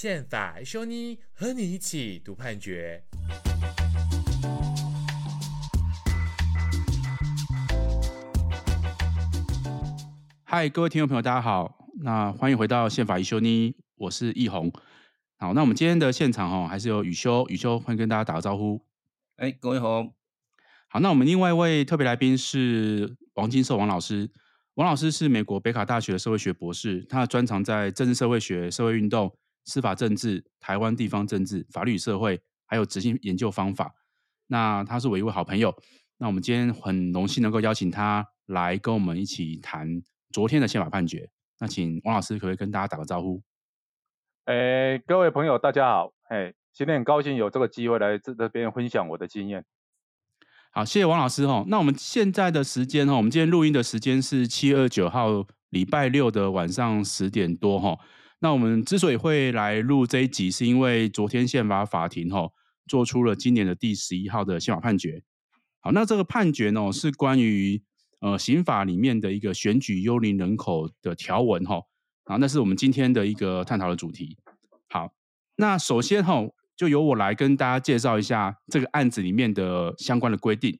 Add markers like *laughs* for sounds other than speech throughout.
憲法奕修你和你一起讀判決。嗨，各位聽眾朋友，大家好，那歡迎回到憲法奕修你，我是奕弘。好，那我們今天的現場哦，還是有宇修，宇修歡迎跟大家打個招呼。哎，hey, 各位好。好，那我們另外一位特別來賓是王金壽王老師。王老師是美國北卡大學的社會學博士，他的專長在政治社會學、社會運動。司法政治、台灣地方政治、法律與社會，還有執行研究方法，那他是我一位好朋友。那我們今天很榮幸能夠邀請他來跟我們一起談昨天的憲法判決。那請王老師可不可以跟大家打個招呼？哎、欸，各位朋友，大家好！哎，今天很高興有這個機會來這邊分享我的經驗。好，謝謝王老師哦。那我們現在的時間哦，我們今天錄音的時間是七二九號禮拜六的晚上十點多哈。那我們之所以會來錄這一集，是因為昨天憲法法庭哈、哦、做出了今年的第十一號的憲法判決。好，那這個判決呢、哦、是關於呃刑法裡面的一個選舉幽靈人口的條文哈、哦、好，那是我們今天的一個探討的主題。好，那首先哈、哦、就由我來跟大家介紹一下這個案子裡面的相關的規定。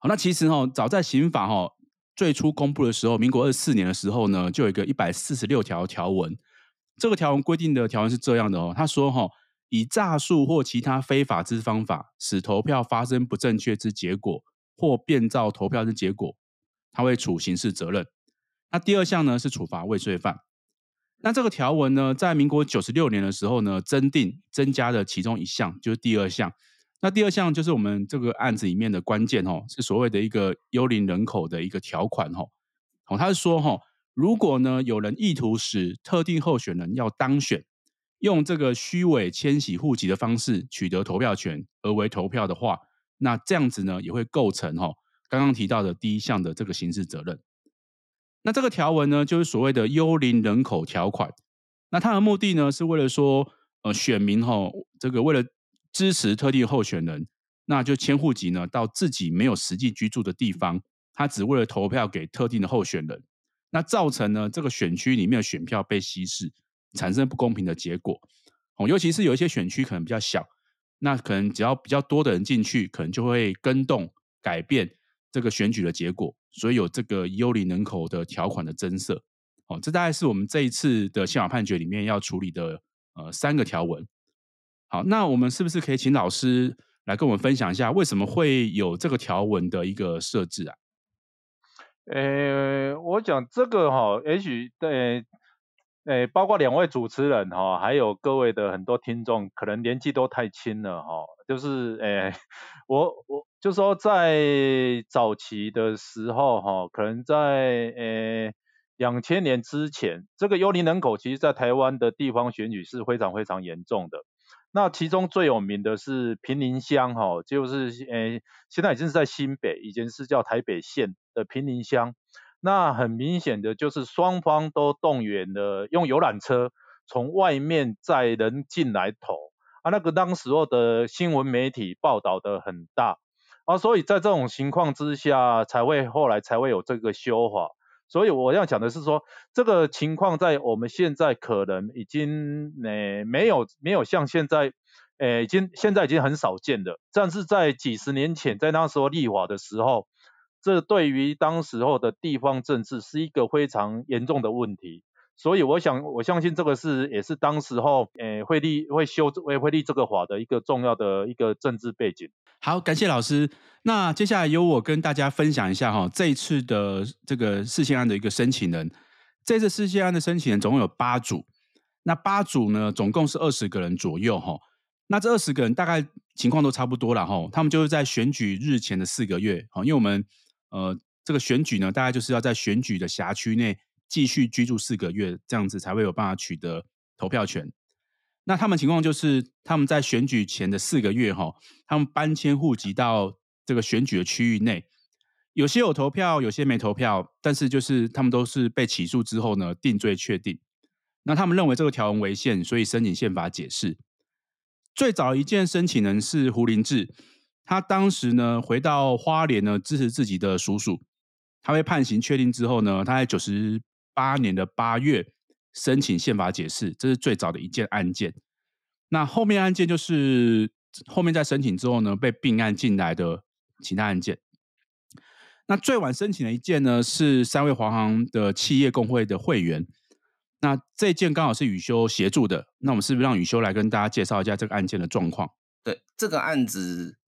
好，那其實哈、哦、早在刑法哈、哦。最初公布的時候，民國二四年的時候呢，就有一個一百四十六條條文。這個條文規定的條文是這樣的哦，他說哈、哦，以詐術或其他非法之方法，使投票發生不正確之結果或變造投票之結果，他會處刑事責任。那第二項呢是處罰未遂犯。那這個條文呢，在民國九十六年的時候呢，增訂，增加的其中一項就是第二項。那第二項就是我們這個案子裡面的關鍵哦，是所謂的一個幽靈人口的一個條款哦。哦，他是說哈，如果呢有人意圖使特定候選人要當選，用這個虛偽遷徙戶籍的方式取得投票權而為投票的話，那這樣子呢也會構成哈剛剛提到的第一項的這個刑事責任。那這個條文呢，就是所謂的幽靈人口條款。那它的目的呢，是為了說呃選民哈這個為了。支持特定候選人，那就遷戶籍呢到自己沒有實際居住的地方，他只為了投票給特定的候選人，那造成呢這個選區裡面的選票被稀釋，產生不公平的結果。哦，尤其是有一些選區可能比較小，那可能只要比較多的人進去，可能就會更動，改變這個選舉的結果。所以有這個幽靈人口的條款的增設，哦，這大概是我們這一次的憲法判決裡面要處理的呃三個條文。好，那我們是不是可以請老師來跟我們分享一下，為什麼會有這個條文的一個設置啊？欸、我講這個哈、喔，也許對，呃、欸欸，包括兩位主持人哈、喔，還有各位的很多聽眾，可能年紀都太輕了哈、喔。就是，呃、欸，我我就說在早期的時候哈、喔，可能在呃兩千年之前，這個幽靈人口其實，在台灣的地方選舉是非常非常嚴重的。那其中最有名的是坪林鄉，哈，就是呃，現在已經是在新北，以前是叫台北縣的坪林鄉。那很明顯的就是雙方都動員了，用遊覽車從外面載人進來投，啊，那個當時的新聞媒體報道的很大，啊，所以在這種情況之下，才會後來才會有這個修法。所以我要講的是說，這個情況在我們現在可能已經呃沒有沒有像現在，呃，已經現在已經很少見了，但是在幾十年前，在那時候立法的時候，這對於當時候的地方政治是一個非常嚴重的問題。所以，我想，我相信這個事也是當時候，誒、呃，會立會修會會立這個法的一個重要的一個政治背景。好，感謝老師。那接下來由我跟大家分享一下哈、哦，這一次的這個釋憲案的一個申請人。這次釋憲案的申請人總共有八組，那八組呢，總共是二十個人左右哈、哦。那這二十個人大概情況都差不多了哈、哦。他們就是在選舉日前的四個月，哈、哦，因為我們呃，這個選舉呢，大概就是要在選舉的轄區內。繼續居住四個月，這樣子才會有辦法取得投票權。那他們情況就是，他們在選舉前的四個月，哈，他們搬遷戶籍到這個選舉的區域內，有些有投票，有些沒投票，但是就是他們都是被起訴之後呢，定罪確定。那他們認為這個條文違憲，所以申請憲法解釋。最早一件申請人是胡林智，他當時呢回到花蓮呢，支持自己的叔叔，他被判刑確定之後呢，他在九十。八年的八月申請憲法解釋，這是最早的一件案件。那後面案件就是後面在申請之後呢，被併案進來的其他案件。那最晚申請的一件呢，是三位華航的企業工會的會員。那這件剛好是宇修協助的。那我們是不是讓宇修來跟大家介紹一下這個案件的狀況？對，這個案子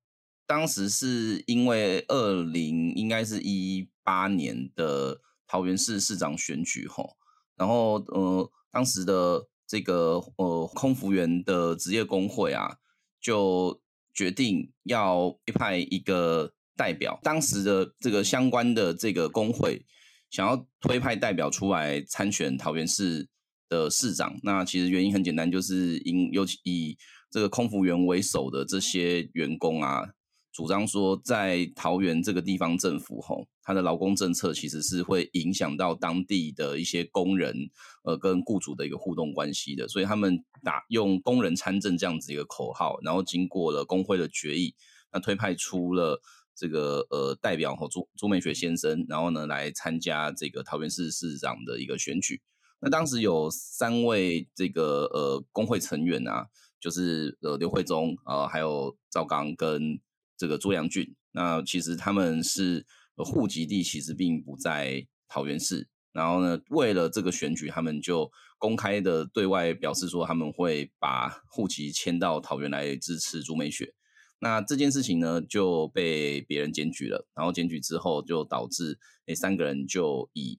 當時是因為二零應該是一八年的。桃園市市長選舉吼，然後呃，當時的這個呃空服員的職業工會啊，就決定要推派一個代表。當時的這個相關的這個工會想要推派代表出來參選桃園市的市長。那其實原因很簡單，就是因尤其以這個空服員為首的這些員工啊，主張說在桃園這個地方政府吼。他的勞工政策其實是會影響到當地的一些工人，呃，跟僱主的一個互動關係的。所以他們打用工人參政這樣子一個口號，然後經過了工會的決議，那推派出了這個呃代表和、哦、朱朱美雪先生，然後呢來參加這個桃園市市長的一個選舉。那當時有三位這個呃工會成員啊，就是呃劉慧中啊、呃，還有趙剛跟這個朱良俊。那其實他們是。戶籍地其實並不在桃園市，然後呢，為了這個選舉，他們就公開的對外表示說他們會把戶籍遷到桃園來支持朱美雪。那這件事情呢，就被別人檢舉了，然後檢舉之後就導致那、欸、三個人就以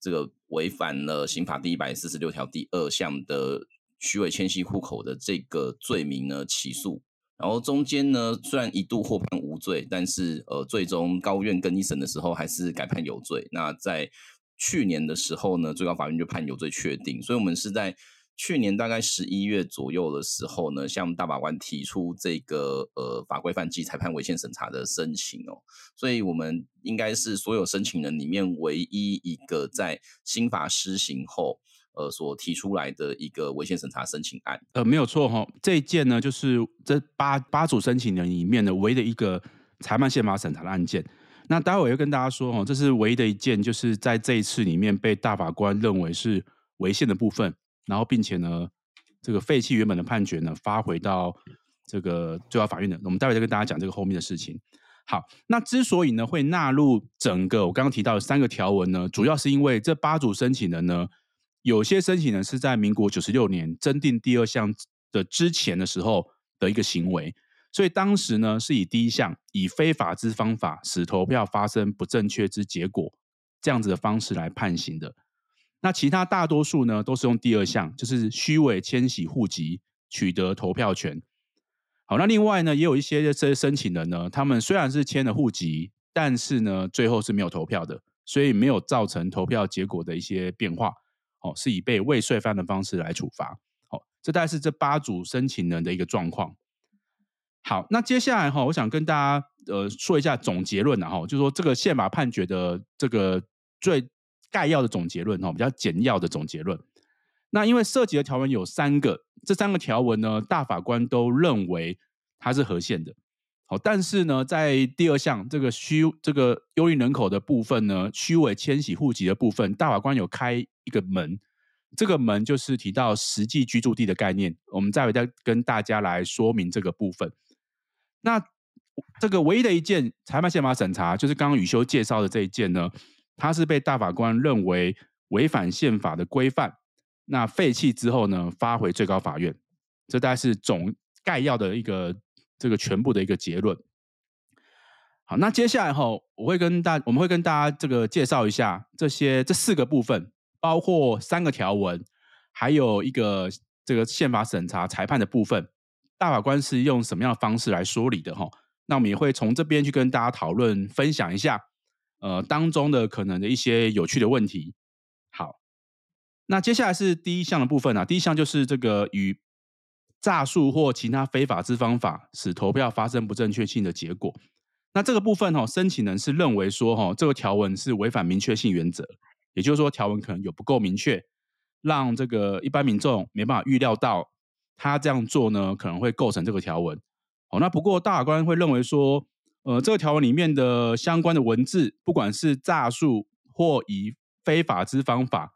這個違反了刑法第一百四十六條第二項的虛偽遷徙戶口的這個罪名呢，起訴。然後中間呢，雖然一度獲判無罪，但是呃，最終高院更一審的時候還是改判有罪。那在去年的時候呢，最高法院就判有罪確定。所以我們是在去年大概十一月左右的時候呢，向大法官提出這個呃法規範及裁判違憲審查的申請哦。所以我們應該是所有申請人裡面唯一一個在新法施行後。呃，所提出來的一個違憲審查申請案，呃，沒有錯哈、哦。這一件呢，就是這八八組申請人裡面的唯一的一個裁判憲法審查的案件。那待會兒會跟大家說哦，這是唯一的一件，就是在這一次裡面被大法官認為是違憲的部分，然後並且呢，這個廢棄原本的判決呢，發回到這個最高法院的。我們待會再跟大家講這個後面的事情。好，那之所以呢會納入整個我剛剛提到的三個條文呢，主要是因為這八組申請人呢。有些申請人是在民國九十六年增訂第二項的之前的時候的一個行為，所以當時呢是以第一項以非法之方法使投票發生不正確之結果這樣子的方式來判刑的。那其他大多數呢都是用第二項，就是虛偽遷徙戶籍取得投票權。好，那另外呢也有一些這些申請人呢，他們雖然是遷了戶籍，但是呢最後是沒有投票的，所以沒有造成投票結果的一些變化。哦，是以被未遂犯的方式來處罰。好、哦，這大概是這八組申請人的一個狀況。好，那接下來哈、哦，我想跟大家呃說一下總結論啊，哈、哦，就說這個憲法判決的這個最概要的總結論哈、哦，比較簡要的總結論。那因為涉及的條文有三個，這三個條文呢，大法官都認為它是合憲的。好，但是呢，在第二項這個虛，這個幽靈人口的部分呢，虛偽遷徙戶籍的部分，大法官有開一個門，這個門就是提到實際居住地的概念，我們再會再跟大家來說明這個部分。那這個唯一的一件裁判憲法審查，就是剛剛宇修介紹的這一件呢，它是被大法官認為違反憲法的規範，那廢棄之後呢，發回最高法院。這大概是總概要的一個。這個全部的一個結論，好，那接下來哈、哦，我會跟大，我們會跟大家這個介紹一下這些這四個部分，包括三個條文，還有一個這個憲法審查裁判的部分，大法官是用什麼樣的方式來說理的哈、哦？那我們也會從這邊去跟大家討論分享一下，呃，當中的可能的一些有趣的問題。好，那接下來是第一項的部分啊，第一項就是這個與。詐術或其他非法之方法，使投票發生不正確性的結果。那這個部分、哦、申請人是認為說哈、哦，這個條文是違反明確性原則，也就是說，條文可能有不夠明確，讓這個一般民眾沒辦法預料到他這樣做呢，可能會構成這個條文。哦、那不過大法官會認為說，呃，這個條文裡面的相關的文字，不管是詐術或以非法之方法，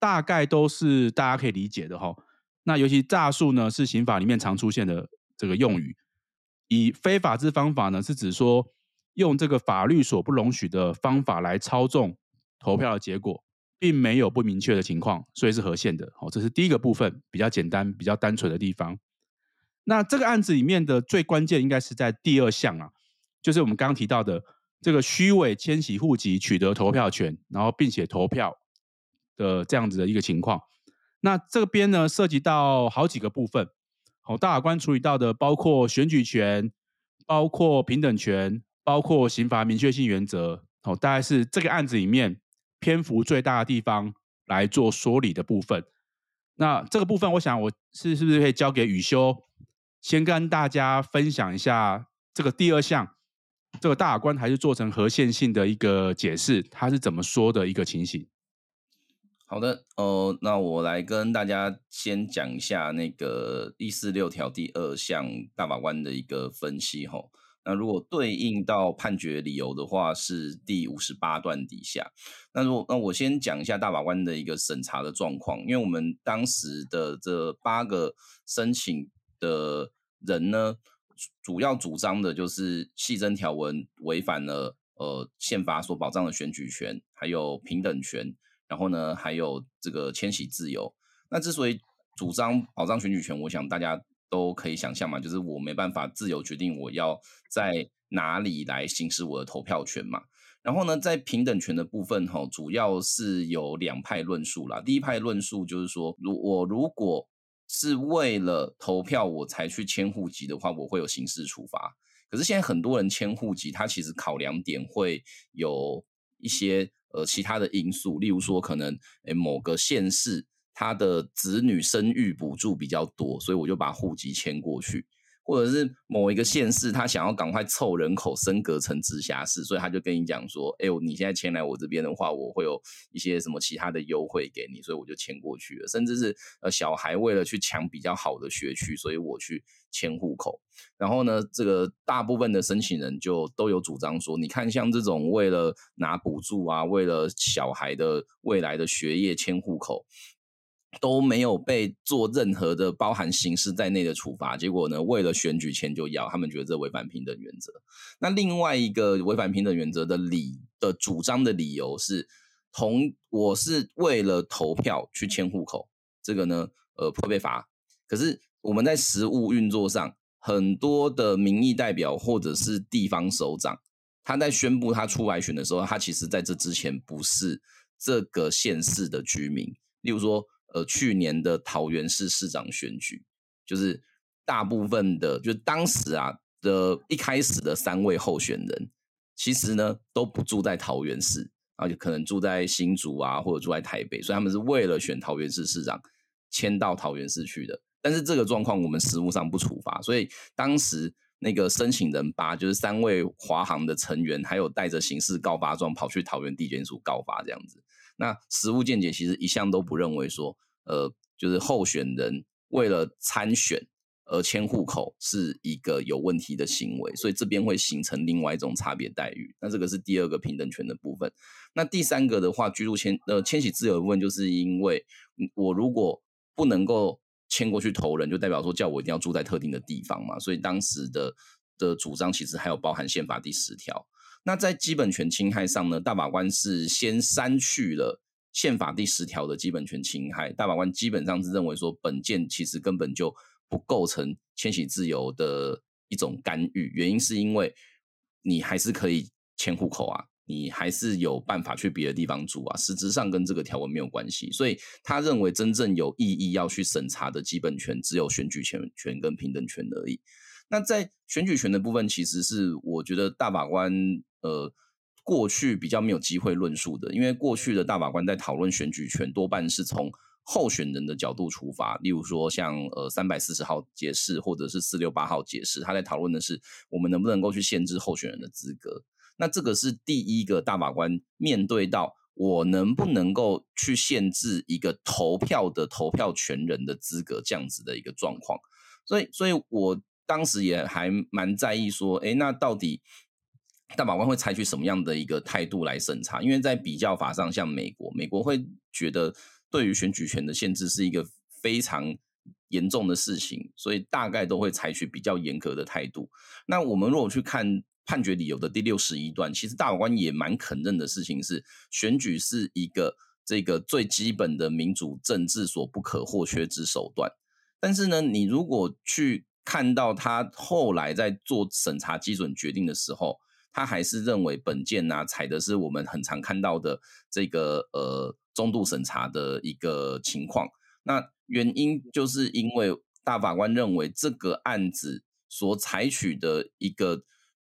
大概都是大家可以理解的、哦那尤其詐術呢，是刑法裡面常出現的這個用語。以非法之方法呢，是指說用這個法律所不容許的方法來操縱投票的結果，並沒有不明確的情況，所以是合憲的。好，這是第一個部分比較簡單、比較單純的地方。那這個案子裡面的最關鍵應該是在第二項啊，就是我們剛剛提到的這個虛偽遷徙戶籍取得投票權，然後並且投票的這樣子的一個情況。那這邊呢，涉及到好幾個部分。哦，大法官處理到的包括選舉權，包括平等權，包括刑罰明確性原則。哦，大概是這個案子裡面篇幅最大的地方來做說理的部分。那這個部分，我想我是是不是可以交給宇修先跟大家分享一下這個第二項，這個大法官還是做成合憲性的一個解釋，他是怎麼說的一個情形？好的，哦、呃，那我來跟大家先講一下那個一四六條第二項大法官的一個分析吼、哦。那如果對應到判決理由的話，是第五十八段底下。那如果那我先講一下大法官的一個審查的狀況，因為我們當時的這八個申請的人呢，主要主張的就是系爭條文違反了呃憲法所保障的選舉權還有平等權。然後呢，還有這個遷徙自由。那之所以主張保障選舉權，我想大家都可以想象嘛，就是我沒辦法自由決定我要在哪裡來行使我的投票權嘛。然後呢，在平等權的部分哈、哦，主要是有兩派論述啦。第一派論述就是說，如我如果是為了投票我才去遷戶籍的話，我會有刑事處罰。可是現在很多人遷戶籍，他其實考量點會有。一些呃其他的因素，例如說可能誒某個縣市他的子女生育補助比較多，所以我就把戶籍遷過去。或者是某一個縣市，他想要趕快湊人口升格成直轄市，所以他就跟你講說：“哎、欸，你現在遷來我這邊的話，我會有一些什麼其他的優惠給你，所以我就遷過去了。”甚至是、呃、小孩為了去搶比較好的學區，所以我去遷戶口。然後呢，這個大部分的申請人就都有主張說：“你看，像這種為了拿補助啊，為了小孩的未來的學業遷戶口。”都沒有被做任何的包含刑事在內的處罰，結果呢，為了選舉前就要，他們覺得這違反平等原則。那另外一個違反平等原則的理的主張的理由是，同我是為了投票去遷戶口，這個呢，呃，不會被罰。可是我們在實務運作上，很多的民意代表或者是地方首長，他在宣布他出來選的時候，他其實在這之前不是這個縣市的居民，例如說。呃，去年的桃園市市長選舉，就是大部分的，就是當時啊的一開始的三位候選人，其實呢都不住在桃園市，啊，就可能住在新竹啊或者住在台北，所以他們是為了選桃園市市長，遷到桃園市去的。但是這個狀況我們實務上不處罰，所以當時那個申請人吧，就是三位華航的成員，還有帶着刑事告發狀跑去桃園地檢署告發這樣子。那實務見解其實一向都不認為說，呃，就是候選人為了參選而遷戶口是一個有問題的行為，所以這邊會形成另外一種差別待遇。那這個是第二個平等權的部分。那第三個的話，居住遷呃遷徙自由的部分，就是因為我如果不能夠遷過去投人，就代表說叫我一定要住在特定的地方嘛，所以當時的的主張其實還有包含憲法第十條。那在基本權侵害上呢，大法官是先刪去了憲法第十條的基本權侵害。大法官基本上是認為說，本件其實根本就不構成遷徙自由的一種干預，原因是因為你還是可以遷戶口啊，你還是有辦法去別的地方住啊，實質上跟這個條文沒有關係。所以他認為真正有意義要去審查的基本權，只有選舉權、權跟平等權而已。那在選舉權的部分，其實是我覺得大法官呃過去比較沒有機會論述的，因為過去的大法官在討論選舉權，多半是從候選人的角度出發，例如說像呃三百四十號解釋或者是四六八號解釋，他在討論的是我們能不能夠去限制候選人的資格。那這個是第一個大法官面對到我能不能夠去限制一個投票的投票權人的資格這樣子的一個狀況，所以，所以我當時也還蠻在意說，誒，那到底大法官會採取什麼樣的一個態度來審查？因為在比較法上，像美國，美國會覺得對於選舉權的限制是一個非常嚴重的事情，所以大概都會採取比較嚴格的態度。那我們如果去看判決理由的第六十一段，其實大法官也蠻肯認的事情是，選舉是一個這個最基本的民主政治所不可或缺之手段。但是呢，你如果去看到他後來在做審查基準決定的時候，他還是認為本件呢、啊、採的是我們很常看到的這個呃中度審查的一個情況。那原因就是因為大法官認為這個案子所採取的一個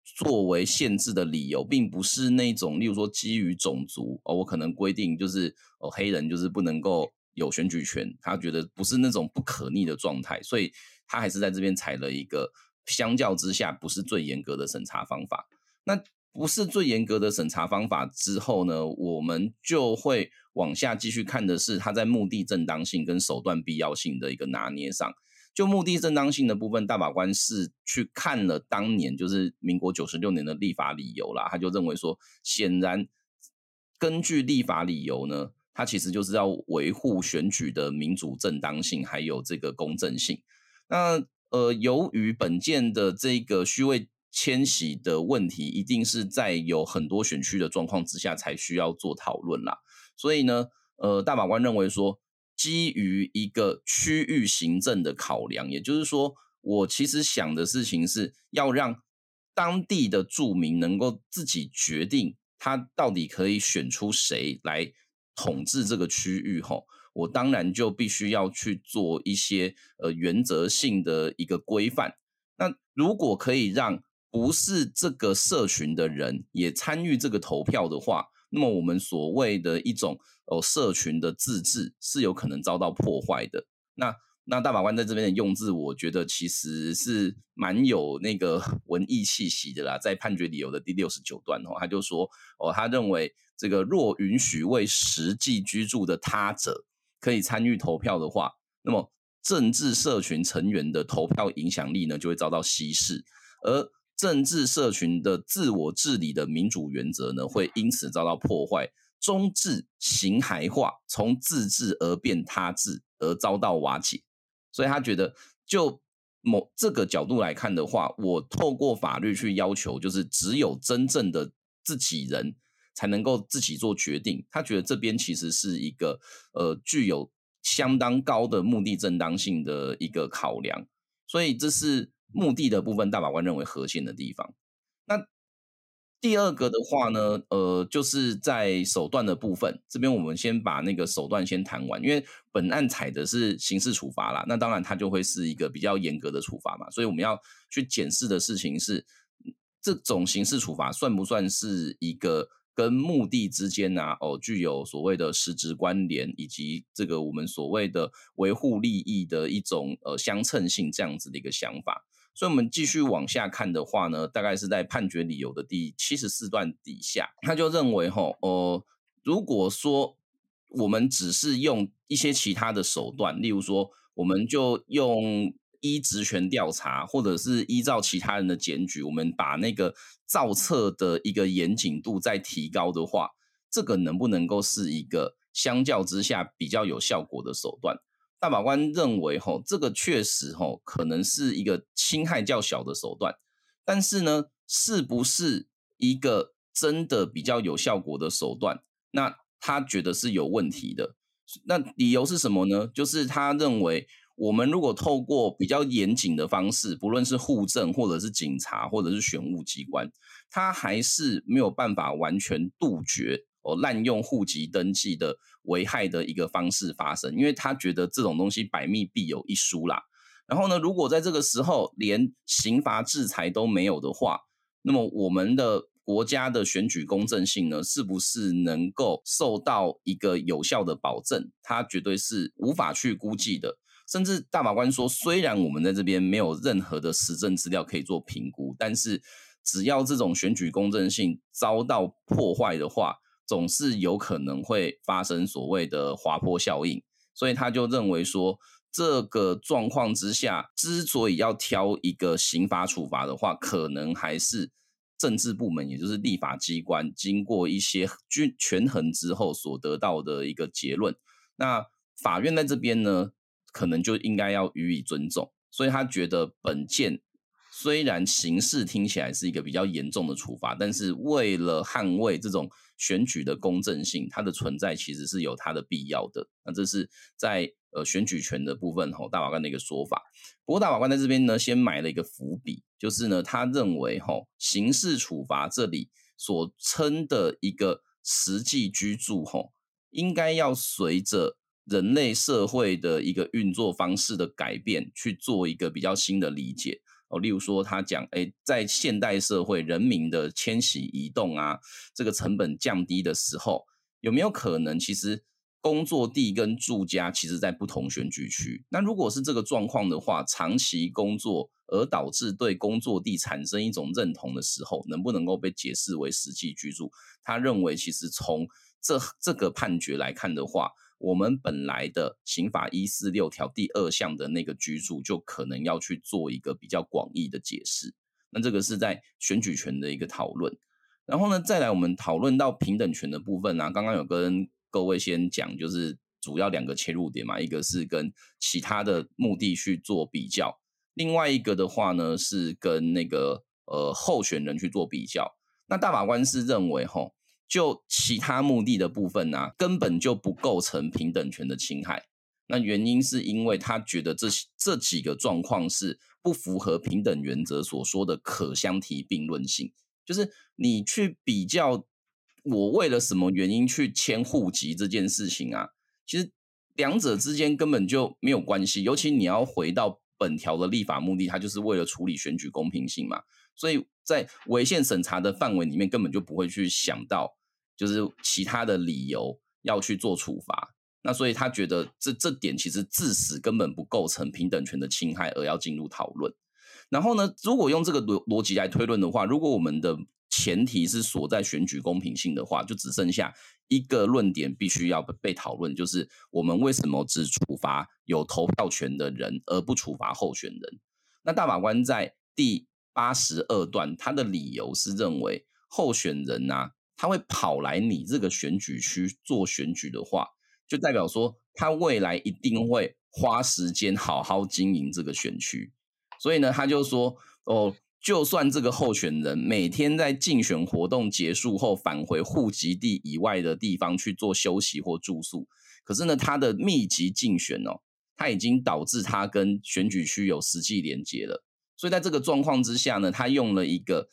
作為限制的理由，並不是那種例如說基於種族哦、呃，我可能規定就是、呃、黑人就是不能夠有選舉權，他覺得不是那種不可逆的狀態，所以，他還是在這邊採了一個相較之下不是最嚴格的審查方法。那不是最嚴格的審查方法之後呢，我們就會往下繼續看的是他在目的正當性跟手段必要性的一個拿捏上。就目的正當性的部分，大法官是去看了當年就是民國九十六年的立法理由啦。他就認為說，顯然根據立法理由呢，他其實就是要維護選舉的民主正當性，還有這個公正性。那呃，由於本件的這個虛偽遷徙的問題，一定是在有很多選區的狀況之下才需要做討論啦。所以呢，呃，大法官認為說，基於一個區域行政的考量，也就是說，我其實想的事情是要讓當地的住民能夠自己決定他到底可以選出誰來統治這個區域，吼。我當然就必須要去做一些呃原則性的一個規範。那如果可以讓不是這個社群的人也參與這個投票的話，那麼我們所謂的一種哦社群的自治是有可能遭到破壞的。那那大法官在這邊的用字，我覺得其實是蠻有那個文藝氣息的啦。在判決理由的第六十九段的話，他就說哦，他認為這個若允許未實際居住的他者。可以參與投票的話，那麼政治社群成員的投票影響力呢，就會遭到稀釋，而政治社群的自我治理的民主原則呢，會因此遭到破壞，終致形骸化，從自治而變他治而遭到瓦解。所以他覺得，就某這個角度來看的話，我透過法律去要求，就是只有真正的自己人，才能夠自己做決定。他覺得這邊其實是一個呃具有相當高的目的正當性的一個考量，所以這是目的的部分，大法官認為核心的地方。那第二個的話呢，呃，就是在手段的部分，這邊我們先把那個手段先談完，因為本案採的是刑事處罰啦，那當然它就會是一個比較嚴格的處罰嘛，所以我們要去檢視的事情是，這種刑事處罰算不算是一個。跟目的之間啊，哦，具有所謂的實質關聯，以及這個我們所謂的維護利益的一種呃相稱性這樣子的一個想法。所以，我們繼續往下看的話呢，大概是在判決理由的第七十四段底下，他就認為吼，哦、呃，如果說我們只是用一些其他的手段，例如說，我們就用。依職權調查，或者是依照其他人的檢舉，我們把那個造冊的一個嚴謹度再提高的話，這個能不能夠是一個相較之下比較有效果的手段？大法官認為，吼，這個確實吼，可能是一個侵害較小的手段，但是呢，是不是一個真的比較有效果的手段？那他覺得是有問題的，那理由是什麼呢？就是他認為。我們如果透過比較嚴謹的方式，不論是戶政或者是警察或者是選務機關，他還是沒有辦法完全杜絕哦濫用戶籍登記的危害的一個方式發生，因為他覺得這種東西百密必有一疏啦。然後呢，如果在這個時候連刑罰制裁都沒有的話，那麼我們的國家的選舉公正性呢，是不是能夠受到一個有效的保證？他絕對是無法去估計的。甚至大法官說，雖然我們在這邊沒有任何的實證資料可以做評估，但是只要這種選舉公正性遭到破壞的話，總是有可能會發生所謂的滑坡效應。所以他就認為說，這個狀況之下，之所以要挑一個刑罰處罰的話，可能還是政治部門，也就是立法機關經過一些均權衡之後所得到的一個結論。那法院在這邊呢，可能就應該要予以尊重，所以他覺得本件雖然刑事聽起來是一個比較嚴重的處罰，但是為了捍衛這種選舉的公正性，它的存在其實是有它的必要的。那這是在呃選舉權的部分大法官的一個說法。不過大法官在這邊呢，先埋了一個伏筆，就是呢他認為吼，刑事處罰這裡所稱的一個實際居住吼，應該要隨着。人類社會的一個運作方式的改變，去做一個比較新的理解哦。例如說他，他講，哎，在現代社會，人民的遷徙移動啊，這個成本降低的時候，有沒有可能，其實工作地跟住家其實在不同選舉區？那如果是這個狀況的話，長期工作而導致對工作地產生一種認同的時候，能不能夠被解釋為實際居住？他認為，其實從這這個判決來看的話，我們本來的刑法一四六條第二項的那個居住，就可能要去做一個比較廣義的解釋。那這個是在選舉權的一個討論。然後呢，再來我們討論到平等權的部分啊，剛剛有跟各位先講，就是主要兩個切入點嘛，一個是跟其他的目的去做比較，另外一個的話呢，是跟那個呃候選人去做比較。那大法官是認為吼。就其他目的的部分啊，根本就不構成平等權的侵害。那原因是因為他覺得這這幾個狀況是不符合平等原則所說的可相提並論性，就是你去比較我為了什麼原因去遷戶籍這件事情啊，其實兩者之間根本就沒有關係。尤其你要回到本條的立法目的，它就是為了處理選舉公平性嘛，所以在違憲審查的範圍裡面，根本就不會去想到。就是其他的理由要去做處罰，那所以他覺得這這點其實自始根本不構成平等權的侵害，而要進入討論。然後呢，如果用這個邏邏輯來推論的話，如果我們的前提是所在選舉公平性的話，就只剩下一個論點必須要被討論，就是我們為什麼只處罰有投票權的人，而不處罰候選人？那大法官在第八十二段，他的理由是認為候選人啊。他會跑來你這個選舉區做選舉的話，就代表說他未來一定會花時間好好經營這個選區。所以呢，他就說：“哦，就算這個候選人每天在競選活動結束後返回戶籍地以外的地方去做休息或住宿，可是呢，他的密集競選哦，他已經導致他跟選舉區有實際連接了。所以在這個狀況之下呢，他用了一個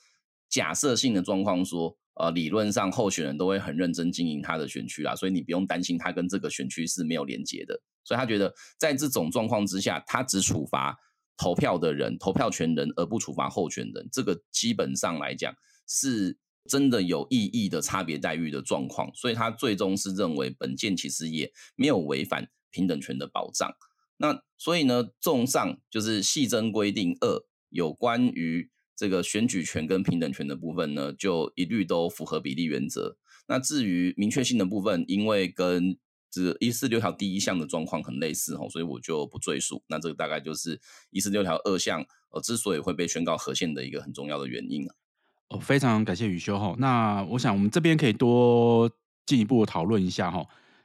假設性的狀況說。”呃，理論上候選人都會很認真經營他的選區啦，所以你不用擔心他跟這個選區是沒有連結的。所以他覺得在這種狀況之下，他只處罰投票的人、投票權人，而不處罰候選人，這個基本上來講是真的有意義的差別待遇的狀況。所以他最終是認為本件其實也沒有違反平等權的保障。那所以呢，綜上就是系爭規定二有關於。這個選舉權跟平等權的部分呢，就一律都符合比例原則。那至於明確性的部分，因為跟這一四六條第一項的狀況很類似，所以我就不贅述。那這個大概就是一四六條二項呃之所以會被宣告合憲的一個很重要的原因。哦，非常感謝宇修吼。那我想我們這邊可以多進一步討論一下。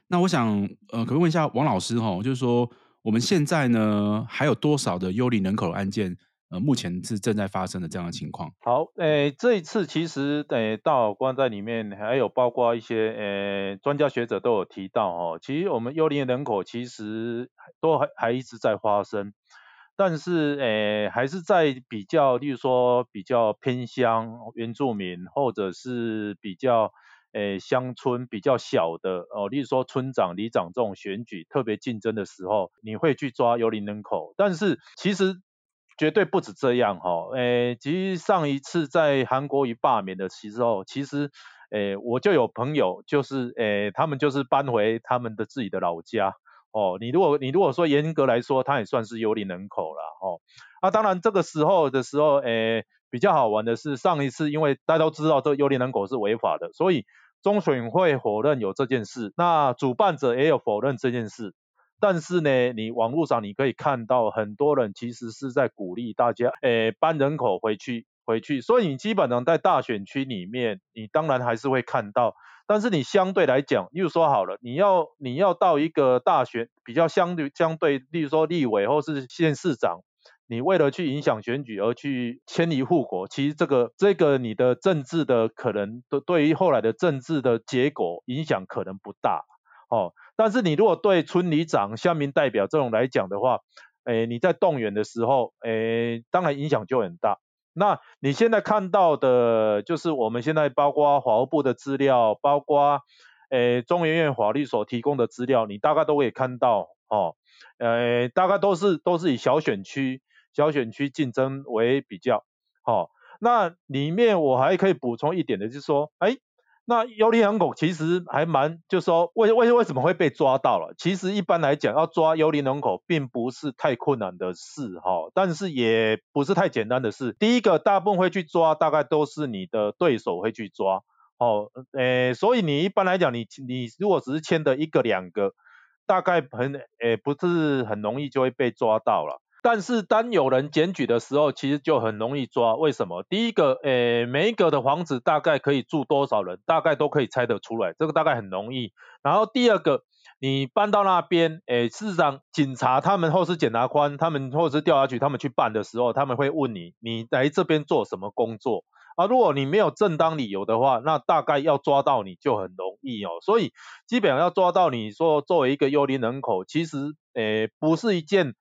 那我想呃，可不可以問一下王老師吼，就是說我們現在呢還有多少的幽靈人口案件？呃，目前是正在發生的這樣的情況。好，誒、呃，這一次其實，誒、呃，大法官在裡面還有包括一些，誒、呃，專家學者都有提到、哦，其實我們幽靈人口其實都還還一直在發生，但是，誒、呃，還是在比較，例如說比較偏鄉原住民，或者是比較，誒、呃，鄉村比較小的，哦，例如說村長、里長這種選舉特別競爭的時候，你會去抓幽靈人口，但是其實。絕對不止這樣齁，誒，其實上一次在韓國瑜罷免的時候，其實，誒，我就有朋友，就是誒，他們就是搬回他們的自己的老家，哦，你如果你如果說嚴格來說，他也算是幽靈人口了，哦，啊，當然這個時候的時候，誒，比較好玩的是，上一次因為大家都知道這幽靈人口是違法的，所以中選會否認有這件事，那主辦者也有否認這件事。但是呢，你網絡上你可以看到很多人其實是在鼓勵大家，誒、欸，搬人口回去回去。所以你基本上在大選區裡面，你當然還是會看到。但是你相對來講，又說好了，你要你要到一個大選比較相對相對，例如說立委或是縣市長，你為了去影響選舉而去遷移戶口，其實這個這個你的政治的可能，對對於後來的政治的結果影響可能不大，哦。但是你如果對村里長、鄉民代表這種來講的話，誒、呃，你在動員的時候，誒、呃，當然影響就很大。那你現在看到的，就是我們現在包括法務部的資料，包括誒、呃，中研院法律所提供的資料，你大概都可以看到，哦，誒、呃，大概都是都是以小選區、小選區競爭為比較、哦，那裡面我還可以補充一點的，就是說，欸那幽靈人口其實還蠻，就說為為為什麼會被抓到了？其實一般來講，要抓幽靈人口並不是太困難的事，哈、哦，但是也不是太簡單的事。第一個，大部分會去抓，大概都是你的對手會去抓，哦，誒、呃，所以你一般來講，你你如果只是遷的一個兩個，大概很誒、呃、不是很容易就會被抓到了。但是當有人檢舉的時候，其實就很容易抓。為什麼？第一個，誒、欸，每一個的房子大概可以住多少人，大概都可以猜得出來，這個大概很容易。然後第二個，你搬到那邊，誒、欸，事實上，警察他們或是檢察官，他們或是調查局，他們去辦的時候，他們會問你，你來這邊做什麼工作？啊，如果你沒有正當理由的話，那大概要抓到你就很容易哦。所以基本上要抓到你說作為一個幽靈人口，其實誒、欸，不是一件。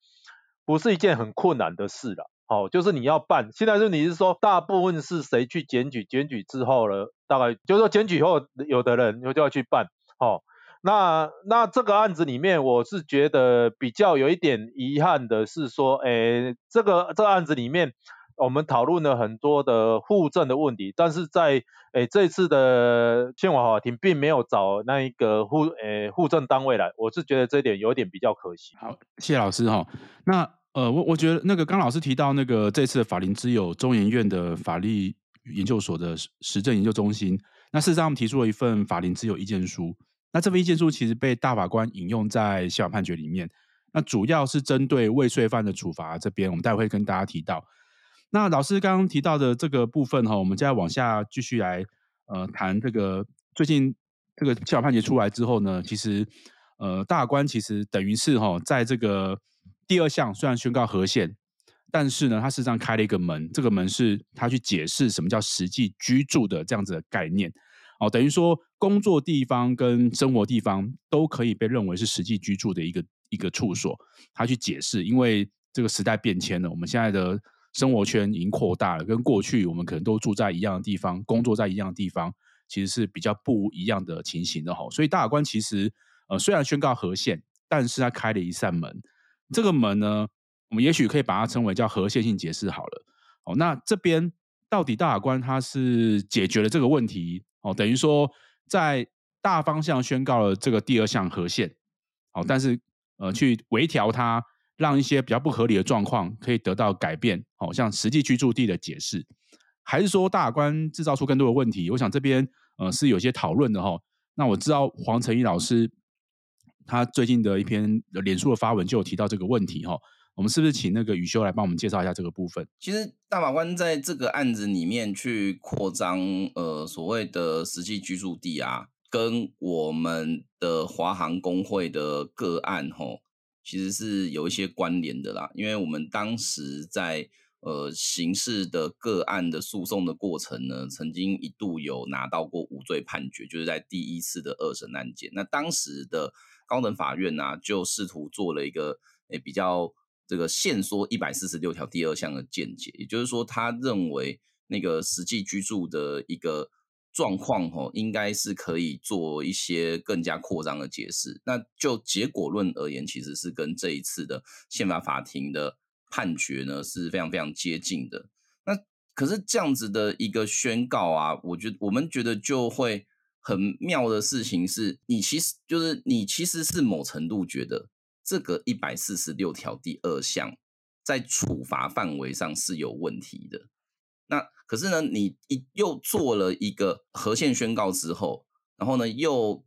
不是一件很困難的事了，好、哦，就是你要辦。現在是，是你是說，大部分是誰去檢舉？檢舉之後呢，大概就是說檢舉後，有的人就要去辦。好、哦，那那這個案子裡面，我是覺得比較有一點遺憾的是說，哎，這個這個案子裡面。我們討論了很多的戶政的問題，但是在誒這次的憲法法庭並沒有找那一個戶誒戶政單位來，我是覺得這一點有點比較可惜。好，謝，謝老師哈、哦，那呃我我覺得那個剛，剛老師提到那個這次的法庭之友，中研院的法律研究所的實證研究中心，那事實上我們提出了一份法庭之友意見書，那這份意見書其實被大法官引用在憲法判決裡面，那主要是針對未遂犯的處罰這邊，我們待會會跟大家提到。那老師剛剛提到的這個部分哈、哦，我們再往下繼續來呃談這個最近這個司法判決出來之後呢，其實呃大官其實等於是哈、哦，在這個第二項雖然宣告合憲，但是呢，它實際上開了一個門，這個門是它去解釋什麼叫實際居住的這樣子的概念哦，等於說工作地方跟生活地方都可以被認為是實際居住的一個一個處所，它去解釋，因為這個時代變遷了，我們現在的。生活圈已經擴大了，跟過去我們可能都住在一樣的地方，工作在一樣的地方，其實是比較不一樣的情形的。所以大法官其實呃雖然宣告合憲，但是他開了一扇門，嗯、這個門呢，我們也許可以把它稱為叫合憲性解釋好了好。那這邊到底大法官他是解決了這個問題哦，等於說在大方向宣告了這個第二項合憲，好，但是呃去微調它。讓一些比較不合理的狀況可以得到改變，好、哦、像實際居住地的解釋，還是說大法官制造出更多的問題？我想這邊呃是有些討論的哈、哦。那我知道黃成義老師他最近的一篇臉書的發文就有提到這個問題哈、哦。我們是不是請那個宇修來幫我們介紹一下這個部分？其實大法官在這個案子裡面去擴張呃所謂的實際居住地啊，跟我們的華航工會的個案吼。哦其實是有一些關聯的啦，因為我們當時在呃刑事的個案的訴訟的過程呢，曾經一度有拿到過無罪判決，就是在第一次的二審案件。那當時的高等法院呢、啊，就試圖做了一個誒、欸、比較這個限縮一百四十六條第二項的見解，也就是說，他認為那個實際居住的一個。狀況哦，應該是可以做一些更加擴張的解釋。那就結果論而言，其實是跟這一次的憲法法庭的判決呢是非常非常接近的。那可是這樣子的一個宣告啊，我覺得我們覺得就會很妙的事情是，你其實就是你其實是某程度覺得這個一百四十六條第二項在處罰範圍上是有問題的。那可是呢，你一又做了一個合憲宣告之後，然後呢又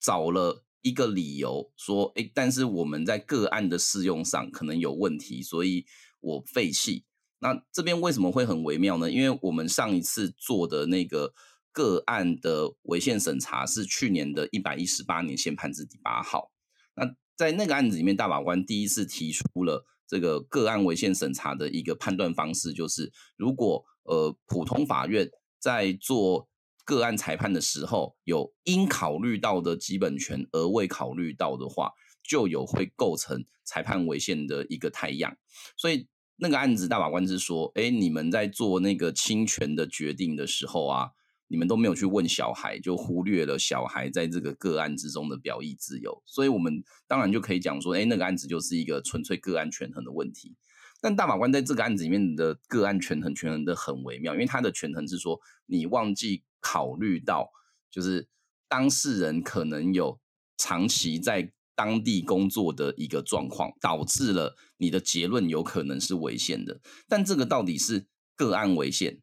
找了一個理由說，哎，但是我們在個案的適用上可能有問題，所以我廢棄。那這邊為什麼會很微妙呢？因為我們上一次做的那個個案的違憲審查是去年的一百一十八年憲判字第八號，那在那個案子裡面，大法官第一次提出了。這個個案違憲審查的一個判斷方式，就是如果呃普通法院在做個案裁判的時候，有應考慮到的基本權而未考慮到的話，就有會構成裁判違憲的一個態樣。所以那個案子大法官是說，哎，你們在做那個侵權的決定的時候啊。你們都沒有去問小孩，就忽略了小孩在這個個案之中的表意自由，所以我們當然就可以講說，哎，那個案子就是一個純粹個案權衡的問題。但大法官在這個案子裡面的個案權衡，權衡得很微妙，因為他的權衡是說，你忘記考慮到，就是當事人可能有長期在當地工作的一個狀況，導致了你的結論有可能是違憲的。但這個到底是個案違憲，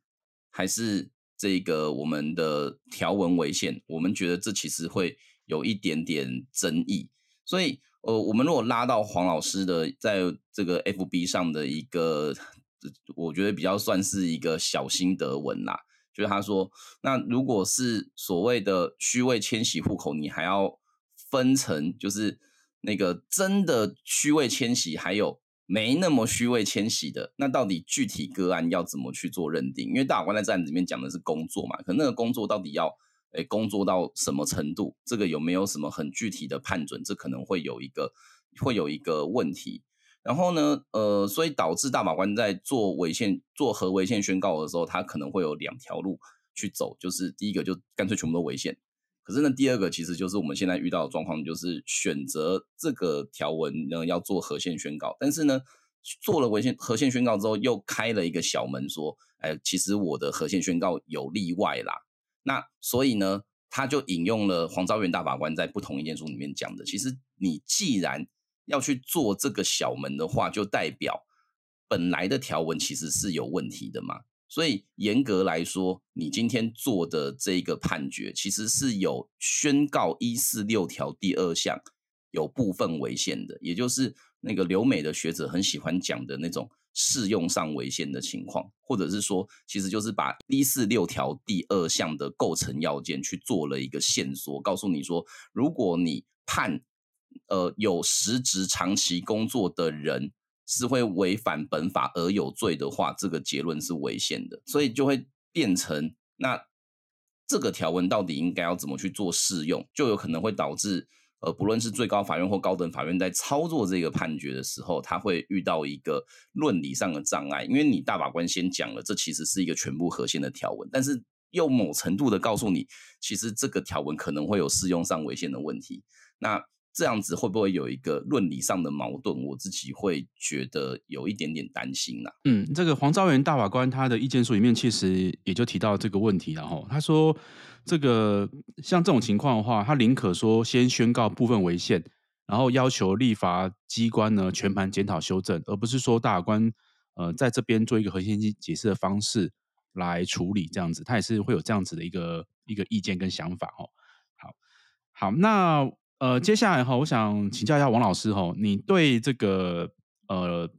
還是？這個我們的條文為限，我們覺得這其實會有一點點爭議，所以呃，我們如果拉到黃老師的在這個 FB 上的一個，我覺得比較算是一個小心得文啦，就是他說，那如果是所謂的虛偽遷徙戶口，你還要分成，就是那個真的虛偽遷徙，還有。沒那麼虛偽遷徙的，那到底具體個案要怎麼去做認定？因為大法官在這案子裡面講的是工作嘛，可那個工作到底要誒，工作到什麼程度，這個有沒有什麼很具體的判準？這可能會有一個會有一個問題。然後呢，呃，所以導致大法官在做違憲、做合違憲宣告的時候，他可能會有兩條路去走，就是第一個就乾脆全部都違憲。可是呢，第二個其實就是我們現在遇到的狀況，就是選擇這個條文呢，要做合憲宣告，但是呢，做了文獻合憲宣告之後，又開了一個小門，說，哎、欸，其實我的合憲宣告有例外啦。那所以呢，他就引用了黃昭元大法官在不同意見書裡面講的，其實你既然要去做這個小門的話，就代表本來的條文其實是有問題的嘛。所以嚴格來說，你今天做的這個判決，其實是有宣告一四六條第二項有部分違憲的，也就是那個留美的學者很喜歡講的那種適用上違憲的情況，或者是說，其實就是把一四六條第二項的構成要件去做了一個限縮，告訴你說，如果你判呃有實質長期工作的人，是會違反本法而有罪的話，這個結論是違憲的，所以就會變成那這個條文到底應該要怎麼去做適用，就有可能會導致呃不論是最高法院或高等法院在操作這個判決的時候，他會遇到一個論理上的障礙，因為你大法官先講了，這其實是一個全部核心的條文，但是又某程度的告訴你，其實這個條文可能會有適用上違憲的問題，那。這樣子會不會有一個論理上的矛盾？我自己會覺得有一點點擔心呢、啊、嗯，這個黃昭元大法官他的意見書裡面，其實也就提到這個問題了齁。他說，這個像這種情況的話，他寧可說先宣告部分違憲，然後要求立法機關呢全盤檢討修正，而不是說大法官呃在這邊做一個核心解釋的方式來處理這樣子。他也是會有這樣子的一個一個意見跟想法哦。好好，那。呃，接下來哈，我想請教一下王老師哈，你對這個呃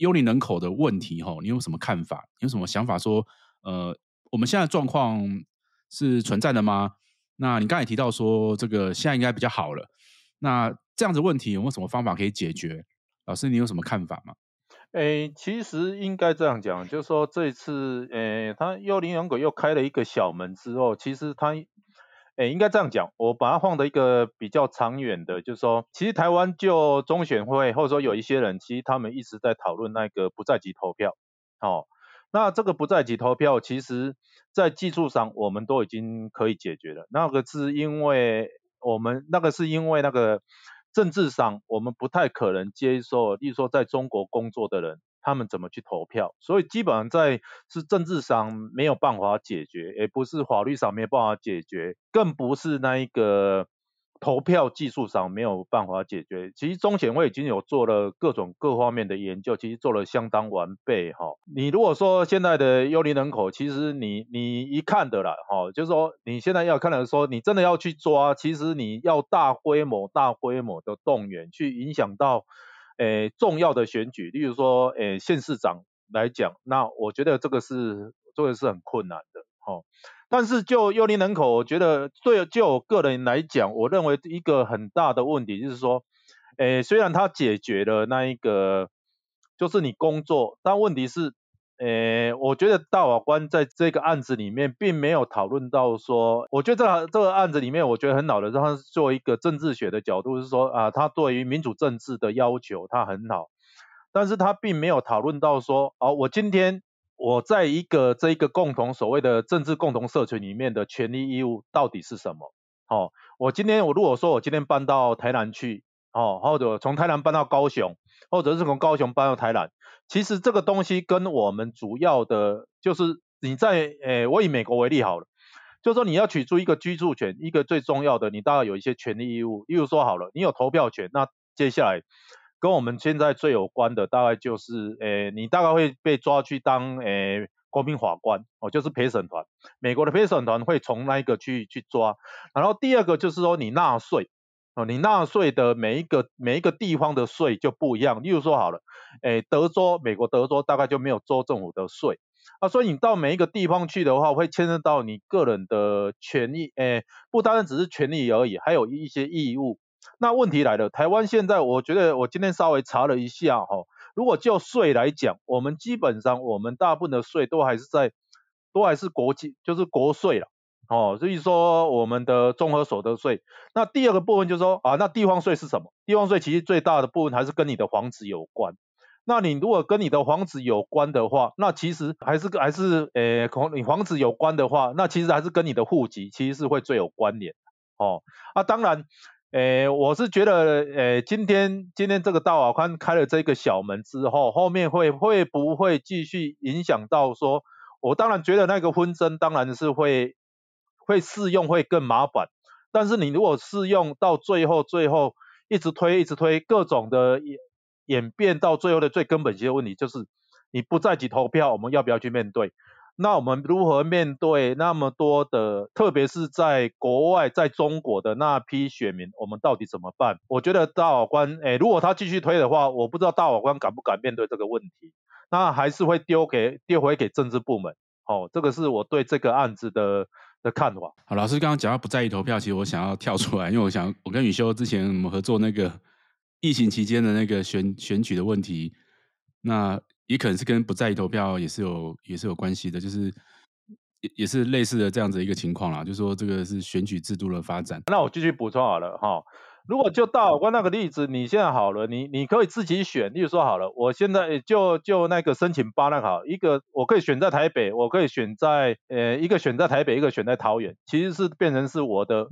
幽靈人口的問題哈，你有什麼看法？有什麼想法說呃，我們現在狀況是存在的嗎？那你剛才提到說這個現在應該比較好了，那這樣子問題有沒有什麼方法可以解決？老師，你有什麼看法嗎？誒，其實應該這樣講，就是說這一次誒，他幽靈人口又開了一個小門之後，其實他。欸，應該這樣講，我把它放的一個比較長遠的，就是說，其實台灣就中選會，或者說有一些人，其實他們一直在討論那個不在籍投票，好、哦，那這個不在籍投票，其實在技術上我們都已經可以解決了，那個是因為我們那個是因為那個政治上，我們不太可能接受，例如說在中國工作的人。他們怎麼去投票？所以基本上在是政治上沒有辦法解決，也不是法律上沒有辦法解決，更不是那一個投票技術上沒有辦法解決。其實中選會已經有做了各種各方面的研究，其實做了相當完備哈、哦。你如果說現在的幽靈人口，其實你你一看的了哈、哦，就是說你現在要看的說，你真的要去抓，其實你要大規模、大規模的動員去影響到。誒、哎，重要的選舉，例如說，誒、哎，縣市長來講，那我覺得這個是這個是很困難的，但是就幽靈人口，我覺得對就我個人來講，我認為一個很大的問題就是說，誒、哎，雖然他解決了那一個，就是你工作，但問題是。呃、欸，我覺得大法官在這個案子裡面並沒有討論到說，我覺得這個這個案子裡面我覺得很好的，是他做一個政治學的角度是說啊、呃，他對於民主政治的要求他很好，但是他並沒有討論到說，哦，我今天我在一個這一個共同所謂的政治共同社群裡面的權利義務到底是什麼？哦，我今天我如果說我今天搬到台南去，哦，或者我從台南搬到高雄。或者是從高雄搬到台南，其實這個東西跟我們主要的，就是你在誒、呃，我以美國為例好了，就是說你要取出一個居住權，一個最重要的，你大概有一些權利義務。例如說好了，你有投票權，那接下來跟我們現在最有關的，大概就是誒、呃，你大概會被抓去當誒、呃，國民法官哦，就是陪審團。美國的陪審團會從那個區域去,去抓，然後第二個就是說你納稅。你納稅的每一個每一個地方的稅就不一樣，例如說好了，哎，德州、美國德州大概就沒有州政府的稅，啊，所以你到每一個地方去的話，會牽涉到你個人的權益，哎、欸，不單單只是權利而已，還有一些義務。那問題來了，台灣現在我覺得，我今天稍微查了一下哈，如果就稅來講，我們基本上，我們大部分的稅都還是在，都還是國際，就是國稅了。哦，所以說我們的綜合所得稅，那第二個部分就是說啊，那地方稅是什麼？地方稅其實最大的部分還是跟你的房子有關。那你如果跟你的房子有關的話，那其實還是還是誒、房、呃、你房子有關的話，那其實還是跟你的戶籍其實是會最有關聯的哦。啊，當然，誒、呃，我是覺得誒、呃，今天今天這個大法官開了這個小門之後，後面會會不會繼續影響到說？我當然覺得那個婚身當然是會。會適用會更麻煩，但是你如果適用到最後，最後一直推一直推，各種的演演變到最後的最根本性的問題，就是你不在籍投票，我們要不要去面對？那我們如何面對那麼多的，特別是在國外在中國的那批選民，我們到底怎麼辦？我覺得大法官，哎，如果他繼續推的話，我不知道大法官敢不敢面對這個問題，那還是會丟給丟回給政治部門。好、哦，這個是我對這個案子的的看法。好，老師剛剛講到不在籍投票，其實我想要跳出來，因為我想我跟宇修之前我們合作那個疫情期間的那個選選舉的問題，那也可能是跟不在籍投票也是有也是有關係的，就是也也是類似的這樣子一個情況啦，就是說這個是選舉制度的發展。那我繼續補充，好了哈。哦如果就大法官那個例子，你現在，好了，你你可以自己選，例如說好了，我現在就就那個申請八，那個好，一個我可以選在台北，我可以選在呃一個選在台北，一個選在桃園，其實是變成是我的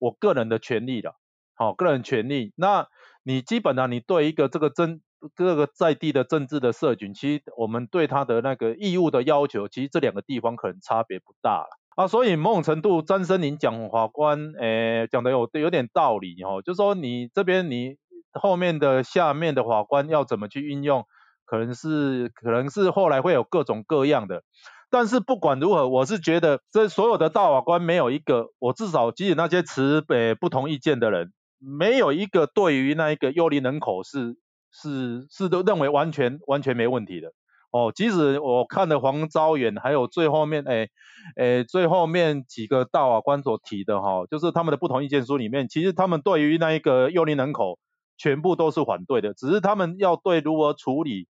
我個人的權利了，好、哦、個人權利。那你基本上你對一個這個政這個在地的政治的社群，其實我們對他的那個義務的要求，其實這兩個地方可能差別不大了。啊，所以某種程度，詹森林講法官，誒、欸，講的有有點道理哦，就說你這邊你後面的下面的法官要怎麼去運用，可能是可能是後來會有各種各樣的，但是不管如何，我是覺得這所有的大法官沒有一個，我至少即使那些持誒不同意見的人，沒有一個對於那一個幽靈人口是是是都認為完全完全沒問題的。哦，即使我看了黃昭元，還有最後面，哎、欸，哎、欸，最後面幾個大法官所提的哈、哦，就是他們的不同意見書裡面，其實他們對於那一個幽靈人口，全部都是反對的，只是他們要對如何處理，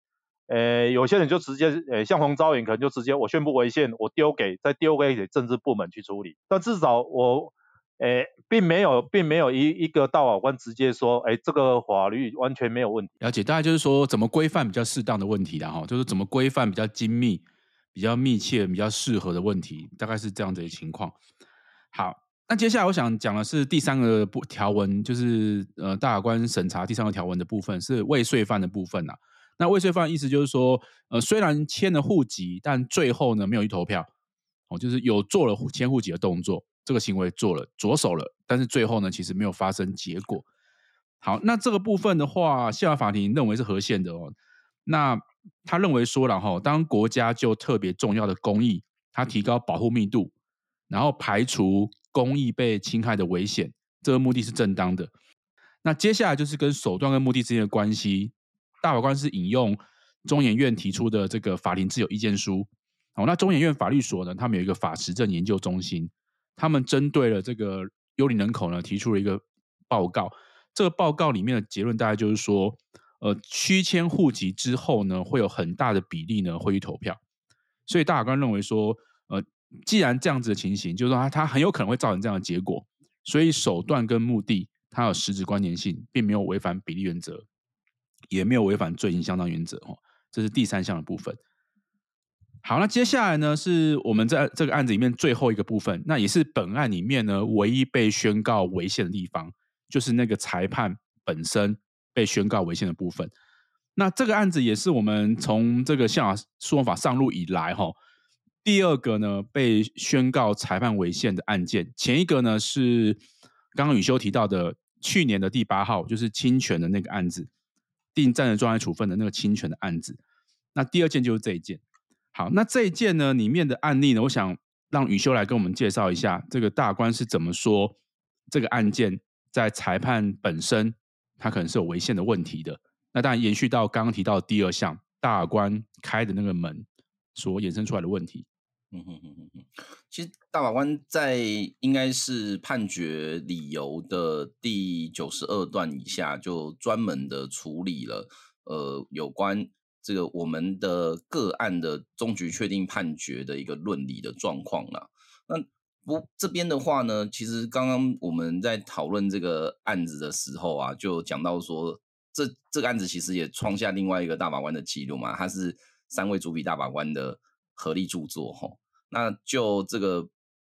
哎、欸，有些人就直接，哎、欸，像黃昭元可能就直接我宣布違憲，我丟給再丟給，給政治部門去處理，但至少我。哎，並沒有，並沒有一一個大法官直接說，哎，這個法律完全沒有問題。了解，大概就是說怎麼規範比較適當的問題，然後就是怎麼規範比較精密、比較密切、比較適合的問題，大概是這樣子的情況。好，那接下來我想講的是第三個條文，就是呃，大法官審查第三個條文的部分是未遂犯的部分吶。那未遂犯的意思就是說，呃，雖然遷了戶籍，但最後呢沒有去投票，哦，就是有做了遷戶籍的動作。這個行為做了着手了，但是最後呢，其實沒有發生結果。好，那這個部分的話，憲法法庭認為是合憲的哦。那他認為說了哈，當國家就特別重要的公益，它提高保護密度，然後排除公益被侵害的危險，這個目的是正當的。那接下來就是跟手段跟目的之間的關係。大法官是引用中研院提出的這個法庭之友意見書。好，那中研院法律所呢，他們有一個法實證研究中心。他們針對了這個幽靈人口呢，提出了一個報告。這個報告裡面的結論大概就是說，呃，去遷戶籍之後呢，會有很大的比例呢會去投票。所以大法官認為說，呃，既然這樣子的情形，就是說它他很有可能會造成這樣的結果，所以手段跟目的它有實質關聯性，並沒有違反比例原則，也沒有違反罪刑相當原則。哦，這是第三項的部分。好，那接下來呢，是我們在這個案子裡面最後一個部分，那也是本案裡面呢唯一被宣告違憲的地方，就是那個裁判本身被宣告違憲的部分。那這個案子也是我們從這個憲法訴訟法上路以來，吼，第二個呢被宣告裁判違憲的案件。前一個呢是剛剛宇修提到的去年的第八號，就是侵權的那個案子，定暫時狀態處分的那個侵權的案子。那第二件就是這一件。好，那這一件呢，裡面的案例呢，我想讓宇修來跟我們介紹一下，這個大法官是怎麼說這個案件在裁判本身，它可能是有違憲的問題的。那當然延續到剛剛提到第二項大法官開的那個門所衍生出來的問題。嗯哼哼哼哼，其實大法官在應該是判決理由的第九十二段以下，就專門的處理了呃有關。這個我們的個案的終局確定判決的一個論理的狀況了、啊。那不這邊的話呢，其實剛剛我們在討論這個案子的時候啊，就講到說，這這個案子其實也創下另外一個大法官的記錄嘛，它是三位主筆大法官的合力著作哈、哦。那就這個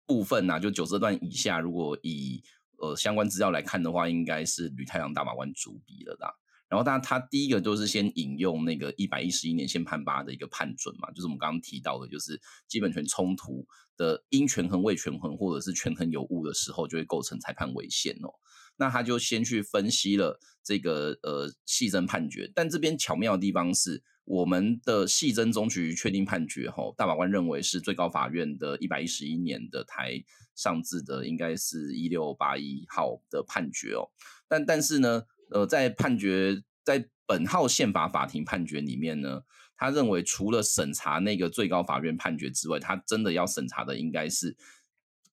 部分呢、啊，就九色段以下，如果以呃相關資料來看的話，應該是呂太郎大法官主筆的啦。然後他他第一個就是先引用那個一百一十一年憲判八的一個判準嘛，就是我們剛剛提到的，就是基本權衝突的因權衡未權衡或者是權衡有誤的時候，就會構成裁判違憲哦。那他就先去分析了這個呃系爭判決，但這邊巧妙的地方是，我們的系爭終局確定判決吼、哦，大法官認為是最高法院的一百一十一年的台上字的應該是一六八一號的判決哦，但但是呢。呃，在判決在本號憲法法庭判決裡面呢，他認為除了審查那個最高法院判決之外，他真的要審查的應該是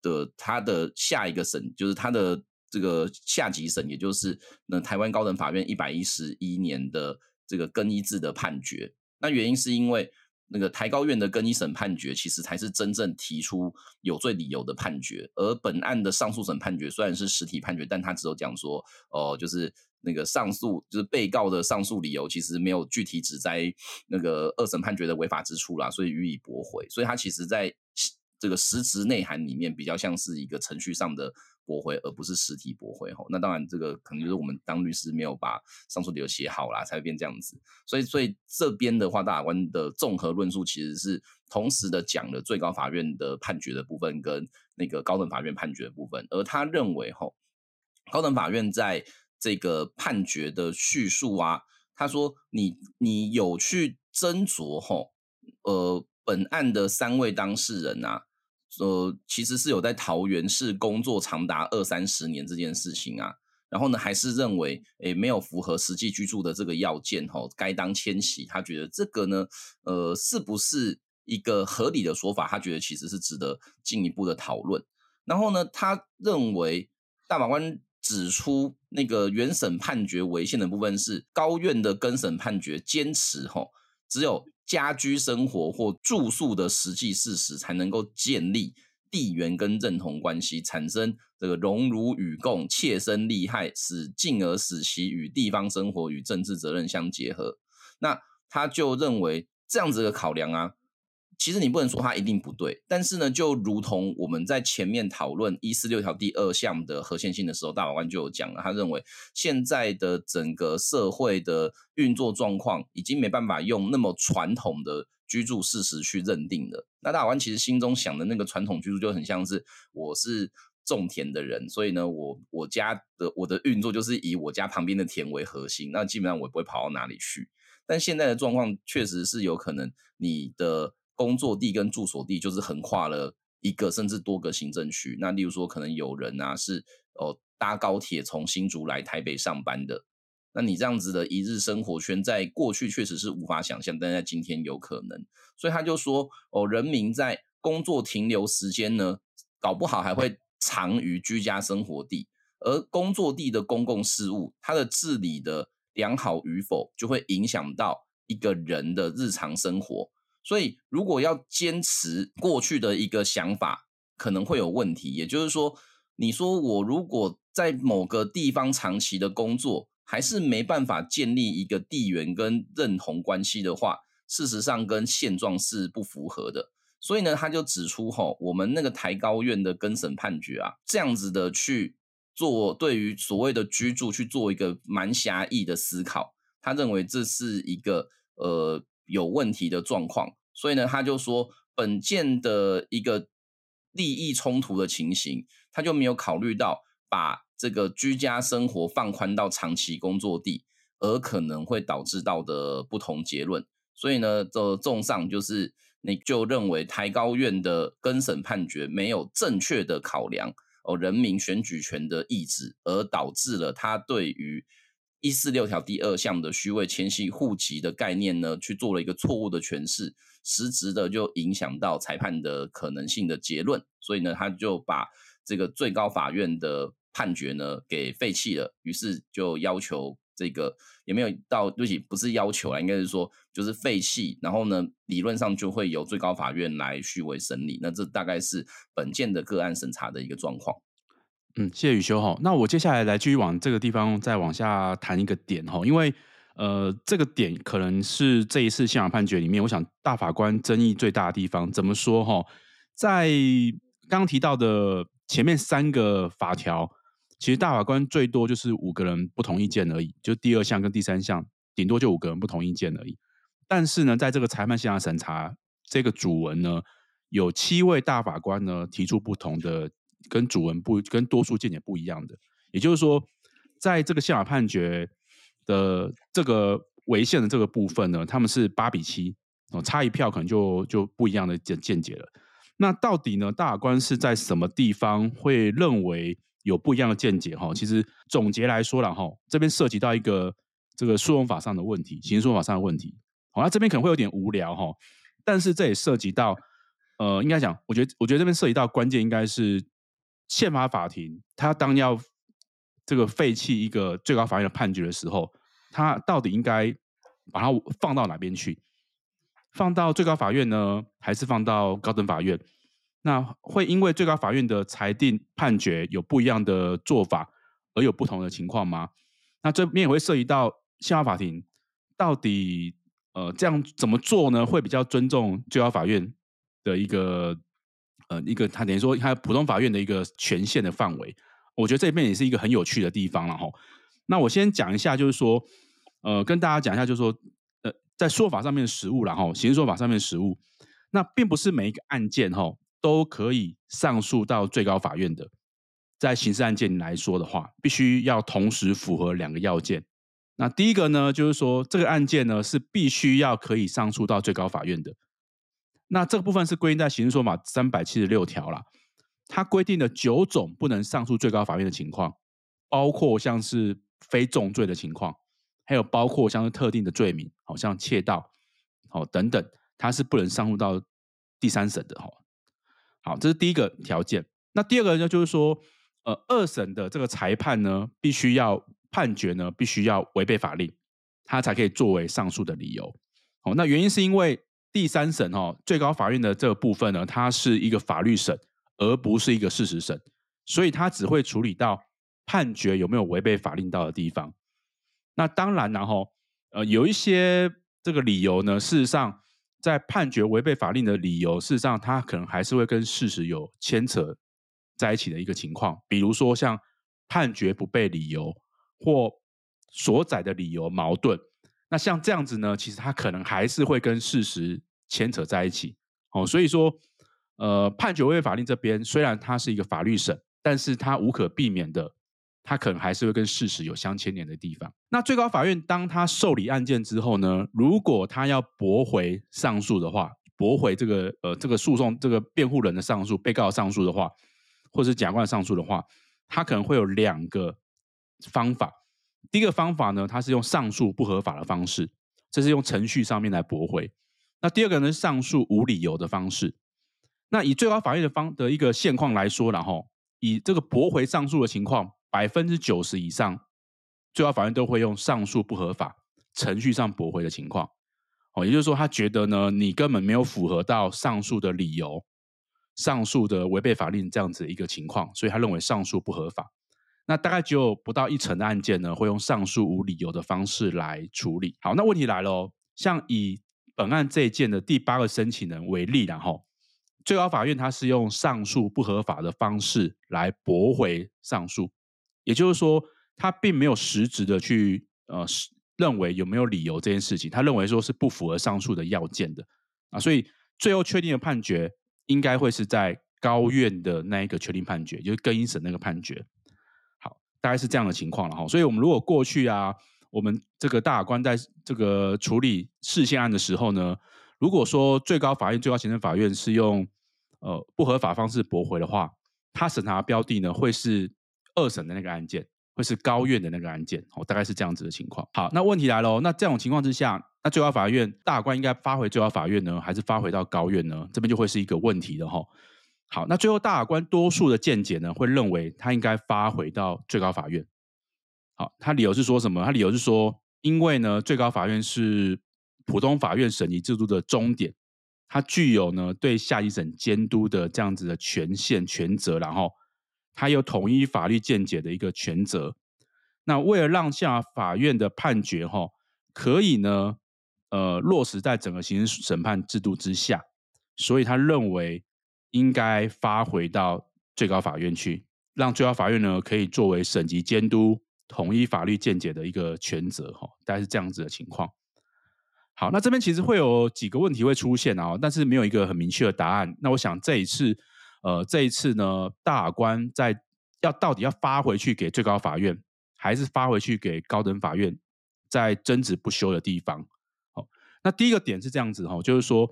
的他的下一個審，就是他的這個下級審，也就是那台灣高等法院一百一十一年的這個更一字的判決。那原因是因為那個台高院的更一審判決，其實才是真正提出有罪理由的判決，而本案的上訴審判決雖然是實體判決，但他只有講說哦、呃，就是。那個上訴就是被告的上訴理由，其實沒有具體指在那個二審判決的違法之處啦，所以予以駁回。所以他其實在這個實質內涵裡面，比較像是一個程序上的駁回，而不是實體駁回。吼，那當然這個可能就是我們當律師沒有把上訴理由寫好啦，才會變這樣子。所以，所以這邊的話，大法官的綜合論述其實是同時的講了最高法院的判決的部分跟那個高等法院判決的部分，而他認為吼，高等法院在這個判決的敘述啊，他說你：“你你有去斟酌吼、哦，呃，本案的三位當事人啊，呃，其實是有在桃園市工作長達二三十年這件事情啊，然後呢，還是認為誒、哎、沒有符合實際居住的這個要件吼、哦，該當遷徙。他覺得這個呢，呃，是不是一個合理的說法？他覺得其實是值得進一步的討論。然後呢，他認為大法官。”指出那個原審判決違憲的部分，是高院的更審判決堅持吼、哦，只有家居生活或住宿的實際事實才能夠建立地緣跟認同關係，產生這個榮辱與共、切身利害，使進而使其與地方生活與政治責任相結合。那他就認為這樣子的考量啊。其實你不能說他一定不對，但是呢，就如同我們在前面討論一四六條第二項的核心性的時候，大法官就有講了，他認為現在的整個社會的運作狀況已經沒辦法用那麼傳統的居住事實去認定了。那大法官其實心中想的那個傳統居住就很像是我是種田的人，所以呢，我我家的我的運作就是以我家旁邊的田為核心，那基本上我也不會跑到哪裡去。但現在的狀況確實是有可能你的，工作地跟住所地就是橫跨了一個甚至多個行政區。那例如說，可能有人啊是搭高鐵從新竹來台北上班的。那你這樣子的一日生活圈，在過去確實是無法想象，但在今天有可能。所以他就說，哦，人民在工作停留時間呢，搞不好還會長於居家生活地，而工作地的公共事務，它的治理的良好與否，就會影響到一個人的日常生活。所以，如果要堅持過去的一個想法，可能會有問題。也就是說，你說我如果在某個地方長期的工作，還是沒辦法建立一個地緣跟認同關係的話，事實上跟現狀是不符合的。所以呢，他就指出：吼，我們那個台高院的更審判決啊，這樣子的去做對於所謂的居住去做一個蠻狹義的思考，他認為這是一個呃有問題的狀況。所以呢，他就說，本件的一個利益衝突的情形，他就沒有考慮到把這個居家生活放寬到長期工作地，而可能會導致到的不同結論。所以呢，這綜上就是，你就認為台高院的更審判決沒有正確的考量哦，人民選舉權的意志，而導致了他對於。一四六條第二項的虛偽遷徙戶籍的概念呢，去做了一個錯誤的詮釋，實質的就影響到裁判的可能性的結論，所以呢，他就把這個最高法院的判決呢給廢棄了，於是就要求這個也沒有到，對不起，不是要求啊，應該是說就是廢棄，然後呢，理論上就會由最高法院來續為審理，那這大概是本件的個案審查的一個狀況。嗯，謝謝宇修哈。那我接下來來繼續往這個地方再往下談一個點哈，因為呃，這個點可能是這一次憲法判決裡面，我想大法官爭議最大的地方。怎麼說哈？在剛剛提到的前面三個法條，其實大法官最多就是五個人不同意見而已，就第二項跟第三項，頂多就五個人不同意見而已。但是呢，在這個裁判憲法審查這個主文呢，有七位大法官呢提出不同的。跟主文不，跟多數見解不一樣的，也就是說，在這個憲法判決的這個違憲的這個部分呢，他們是八比七哦，差一票可能就就不一樣的見見解了。那到底呢，大法官是在什麼地方會認為有不一樣的見解？哈、哦，其實總結來說了哈、哦，這邊涉及到一個這個訴訟法上的問題，刑事訴訟法上的問題。好、哦，那、啊、這邊可能會有點無聊哈、哦，但是這也涉及到呃，應該講，我覺得我覺得這邊涉及到關鍵應該是。憲法法庭，他當要這個廢棄一個最高法院的判決的時候，它到底應該把它放到哪邊去？放到最高法院呢，還是放到高等法院？那會因為最高法院的裁定判決有不一樣的做法，而有不同的情況嗎？那這面這邊也會涉及到憲法法庭到底呃，這樣怎麼做呢？會比較尊重最高法院的一個？呃，一個他等於說，他普通法院的一個權限的範圍，我覺得這邊也是一個很有趣的地方了哈。那我先講一下，就是說，呃，跟大家講一下，就是說，呃，在說法上面的實務了哈，刑事說法上面的實務。那並不是每一個案件哈都可以上訴到最高法院的。在刑事案件來說的話，必須要同時符合兩個要件。那第一個呢，就是說，這個案件呢是必須要可以上訴到最高法院的。那這個部分是規定在刑事訴訟法三百七十六條啦，它規定了九種不能上訴最高法院的情況，包括像是非重罪的情況，還有包括像是特定的罪名、哦，好像竊盜，哦等等，它是不能上訴到第三審的哈、哦。好，這是第一個條件。那第二個呢，就是說，呃，二審的這個裁判呢，必須要判決呢，必須要違背法令，它才可以作為上訴的理由。好，那原因是因為。第三審哦，最高法院的這個部分呢，它是一個法律審，而不是一個事實審，所以它只會處理到判決有沒有違背法令到的地方。那當然，啊，然後呃，有一些這個理由呢，事實上在判決違背法令的理由，事實上它可能還是會跟事實有牽扯在一起的一個情況，比如說像判決不備理由，或所載的理由矛盾。那像這樣子呢，其實他可能還是會跟事實牽扯在一起，哦，所以說，呃，判決違背法令這邊雖然他是一個法律審，但是他無可避免的，他可能還是會跟事實有相牽連的地方。那最高法院當他受理案件之後呢，如果他要駁回上訴的話，駁回這個呃這個訴訟這個辯護人的上訴、被告上訴的話，或是甲冠上訴的話，他可能會有兩個方法。第一個方法呢，它是用上訴不合法的方式，這是用程序上面來駁回。那第二個呢，是上訴無理由的方式。那以最高法院的方的一個現況來說，然後以這個駁回上訴的情況，百分之九十以上最高法院都會用上訴不合法程序上駁回的情況。哦，也就是說，他覺得呢，你根本沒有符合到上訴的理由，上訴的違背法令這樣子的一個情況，所以他認為上訴不合法。那大概只有不到一成的案件呢，會用上訴無理由的方式來處理。好，那問題來了哦，像以本案這一件的第八個申請人為例，然後最高法院他是用上訴不合法的方式來駁回上訴，也就是說，他並沒有實質的去呃認為有沒有理由這件事情，他認為說是不符合上訴的要件的啊，所以最後確定的判決應該會是在高院的那一個確定判決，就是更一審那個判決。大概是這樣的情況了哈，所以我們如果過去啊，我們這個大法官在這個處理釋憲案的時候呢，如果說最高法院、最高行政法院是用呃不合法方式駁回的話，他審查的標的呢會是二審的那個案件，會是高院的那個案件，哦，大概是這樣子的情況。好，那問題來了、哦，那這種情況之下，那最高法院大法官應該發回最高法院呢，還是發回到高院呢？這邊就會是一個問題的哈、哦。好，那最後大法官多數的見解呢，會認為他應該發回到最高法院。好，他理由是說什麼？他理由是說，因為呢，最高法院是普通法院審議制度的終點，它具有呢，對下一審監督的這樣子的權限權責，然後它有統一法律見解的一個權責。那為了讓下法院的判決哈可以呢，呃，落實在整個刑事審判制度之下，所以他認為。應該發回到最高法院去，讓最高法院呢，可以作為審級監督統一法律見解的一個權責哈、哦，大概是這樣子的情況。好，那這邊其實會有幾個問題會出現啊，但是沒有一個很明確的答案。那我想這一次，呃，這一次呢，大法官在要到底要發回去給最高法院，還是發回去給高等法院，在爭執不休的地方。好、哦，那第一個點是這樣子哈、哦，就是說。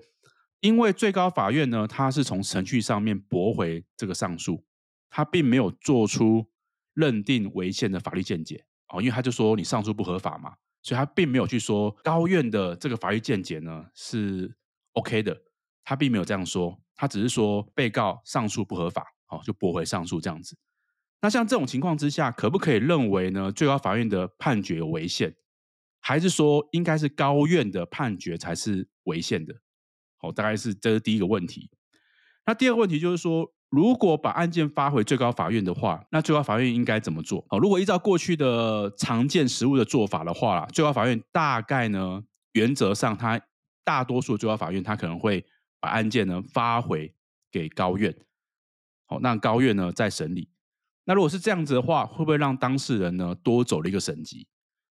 因為最高法院呢，他是從程序上面駁回這個上訴，他並沒有做出認定違憲的法律見解哦，因為他就說你上訴不合法嘛，所以他並沒有去說高院的這個法律見解呢是 OK 的，他並沒有這樣說，他只是說被告上訴不合法，哦，就駁回上訴這樣子。那像這種情況之下，可不可以認為呢最高法院的判決有違憲，還是說應該是高院的判決才是違憲的？哦，大概是這是第一個問題。那第二個問題就是說，如果把案件發回最高法院的話，那最高法院應該怎麼做？哦，如果依照過去的常見實務的做法的話，最高法院大概呢，原則上它大多數最高法院它可能會把案件呢發回給高院。好，哦，那高院呢再審理。那如果是這樣子的話，會不會讓當事人呢多走了一個審級？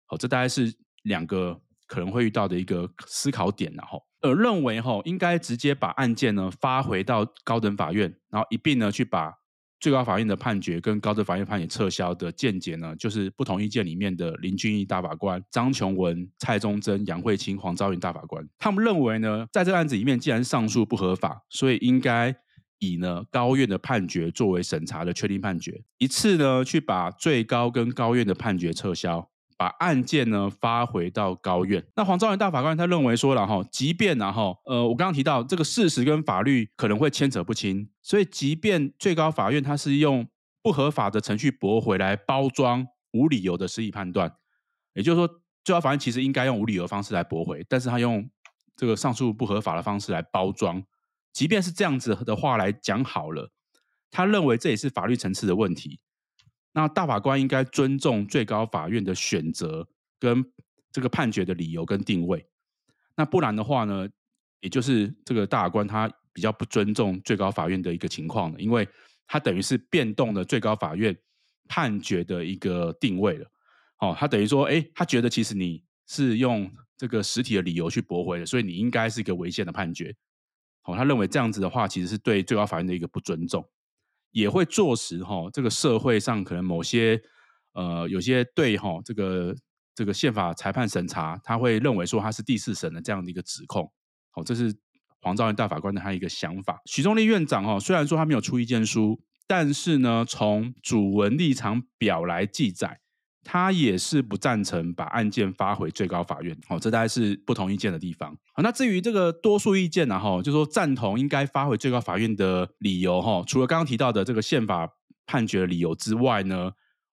好，哦，這大概是兩個可能會遇到的一個思考點，然、哦、後。而認為吼，應該直接把案件呢發回到高等法院，然後一併呢去把最高法院的判決跟高等法院判決撤銷的見解呢，就是不同意見裡面的林俊益大法官、張瓊文、蔡宗珍、楊惠欽、黃昭元大法官，他們認為呢，在這個案子裡面，既然上訴不合法，所以應該以呢高院的判決作為審查的確定判決，一次呢去把最高跟高院的判決撤銷。把案件呢發回到高院。那黃昭元大法官他認為說了哈，即便然、啊、後呃，我剛剛提到這個事實跟法律可能會牽扯不清，所以即便最高法院他是用不合法的程序駁回來包裝無理由的失意判斷，也就是說最高法院其實應該用無理由的方式來駁回，但是他用這個上訴不合法的方式來包裝，即便是這樣子的話來講好了，他認為這也是法律層次的問題。那大法官應該尊重最高法院的選擇跟這個判決的理由跟定位。那不然的話呢，也就是這個大法官他比較不尊重最高法院的一個情況，因為他等於是變動了最高法院判決的一個定位了。哦，他等於說，誒、欸，他覺得其實你是用這個實體的理由去駁回的，所以你應該是一個違憲的判決。哦，他認為這樣子的話，其實是對最高法院的一個不尊重。也會坐實哈、哦，這個社會上可能某些呃，有些對哈、哦，這個這個憲法裁判審查，他會認為說他是第四審的這樣的一個指控。哦，這是黃昭元大法官的他一個想法。許宗力院長哦，雖然說他沒有出意見書，但是呢，從主文立場表來記載。他也是不贊成把案件發回最高法院，哦，這大概是不同意見的地方。那至於這個多數意見呢、啊？哈、哦，就說贊同應該發回最高法院的理由，哈、哦，除了剛剛提到的這個憲法判決的理由之外呢，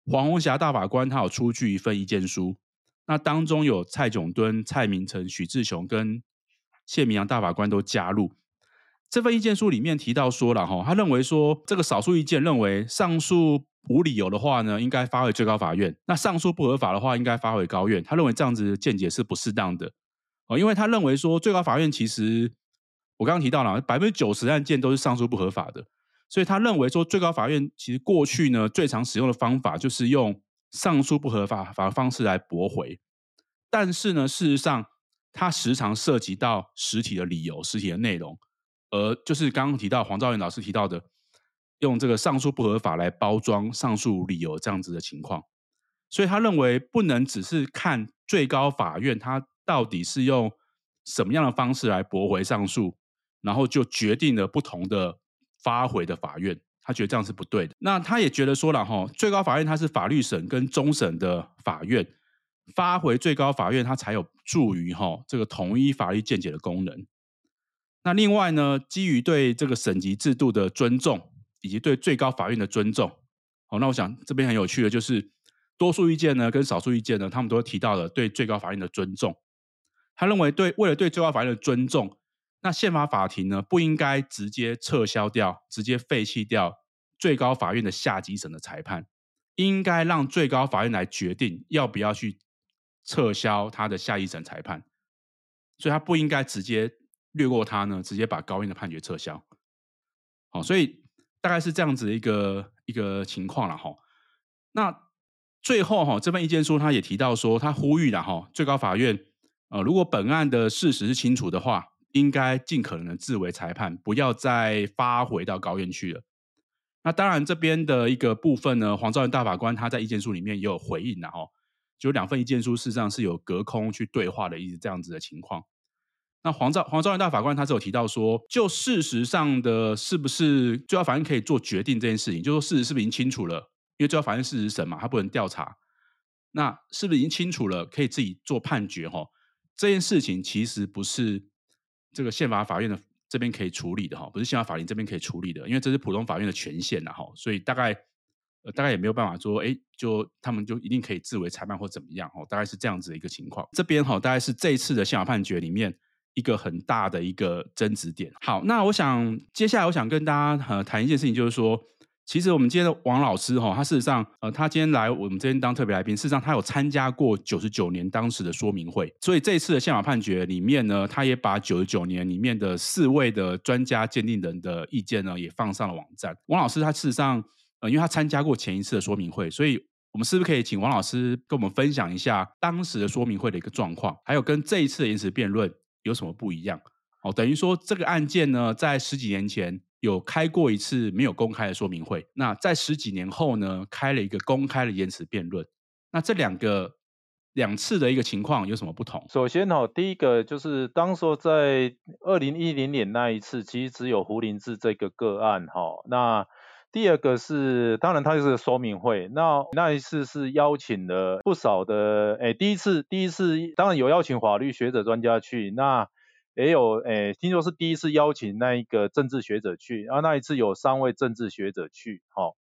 黃虹霞大法官他有出具一份意見書，那當中有蔡烱燉、蔡明誠、許志雄跟謝銘洋大法官都加入這份意見書裡面提到說了，哈、哦，他認為說這個少數意見認為上訴。無理由的話呢，應該發回最高法院。那上訴不合法的話，應該發回高院。他認為這樣子的見解是不適當的哦，因為他認為說最高法院其實我剛剛提到了百分之九十案件都是上訴不合法的，所以他認為說最高法院其實過去呢，最常使用的方法就是用上訴不合法法的方式來駁回，但是呢，事實上它時常涉及到實體的理由、實體的內容，而、呃、就是剛剛提到黃兆元老師提到的。用這個上訴不合法來包裝上訴理由這樣子的情況，所以他認為不能只是看最高法院他到底是用什麼樣的方式來駁回上訴，然後就決定了不同的發回的法院，他覺得這樣是不對的。那他也覺得說了哈，最高法院它是法律審跟終審的法院，發回最高法院它才有助於哈這個統一法律見解的功能。那另外呢，基於對這個審級制度的尊重。以及對最高法院的尊重。好、哦，那我想這邊很有趣的，就是多數意見呢跟少數意見呢，他們都提到了對最高法院的尊重。他認為對，對為了對最高法院的尊重，那憲法法庭呢不應該直接撤銷掉，直接廢棄掉最高法院的下級審的裁判，應該讓最高法院來決定要不要去撤銷他的下級審裁判。所以他不應該直接略過他呢，直接把高院的判決撤銷。好、哦，所以。大概是這樣子一個一個情況了哈。那最後哈，這份意見書他也提到說，他呼籲了哈，最高法院，呃，如果本案的事實是清楚的話，應該儘可能自為裁判，不要再發回到高院去了。那當然，這邊的一個部分呢，黃昭元大法官他在意見書裡面也有回應的哈，就兩份意見書事實上是有隔空去對話的意思，這樣子的情況。那黃昭黃昭元大法官他是有提到說，就事實上的是不是最高法院可以做決定這件事情，就說事實是不是已經清楚了？因為最高法院事實審嘛，他不能調查。那是不是已經清楚了，可以自己做判決？哈、哦，這件事情其實不是這個憲法法院的這邊可以處理的，哈、哦，不是憲法法庭這邊可以處理的，因為這是普通法院的權限了、啊、哈、哦。所以大概、呃、大概也沒有辦法說，哎、欸，就他們就一定可以自為裁判或怎麼樣？哦，大概是這樣子的一個情況。這邊哈、哦，大概是這一次的憲法判決裡面。一個很大的一個爭執點。好，那我想接下來我想跟大家呃談一件事情，就是說，其實我們今天的王老師哈、哦，他事實上呃，他今天來我們這邊當特別來賓，事實上他有參加過九十九年當時的說明會，所以這一次的憲法判決裡面呢，他也把九十九年裡面的四位的專家鑑定人的意見呢，也放上了網站。王老師他事實上呃，因為他參加過前一次的說明會，所以我們是不是可以請王老師跟我們分享一下當時的說明會的一個狀況，還有跟這一次的言詞辯論？有什麼不一樣？哦，等於說這個案件呢，在十幾年前有開過一次沒有公開的說明會，那在十幾年後呢，開了一個公開的言詞辯論。那這兩個兩次的一個情況有什麼不同？首先哈、哦，第一個就是當時在二零一零年那一次，其實只有胡林志這個個案哈、哦，那。第二個是，當然它就是個說明會。那那一次是邀請了不少的，誒第一次第一次當然有邀請法律學者專家去，那也有，誒聽說是第一次邀請那一個政治學者去，啊，那一次有三位政治學者去，哈、哦。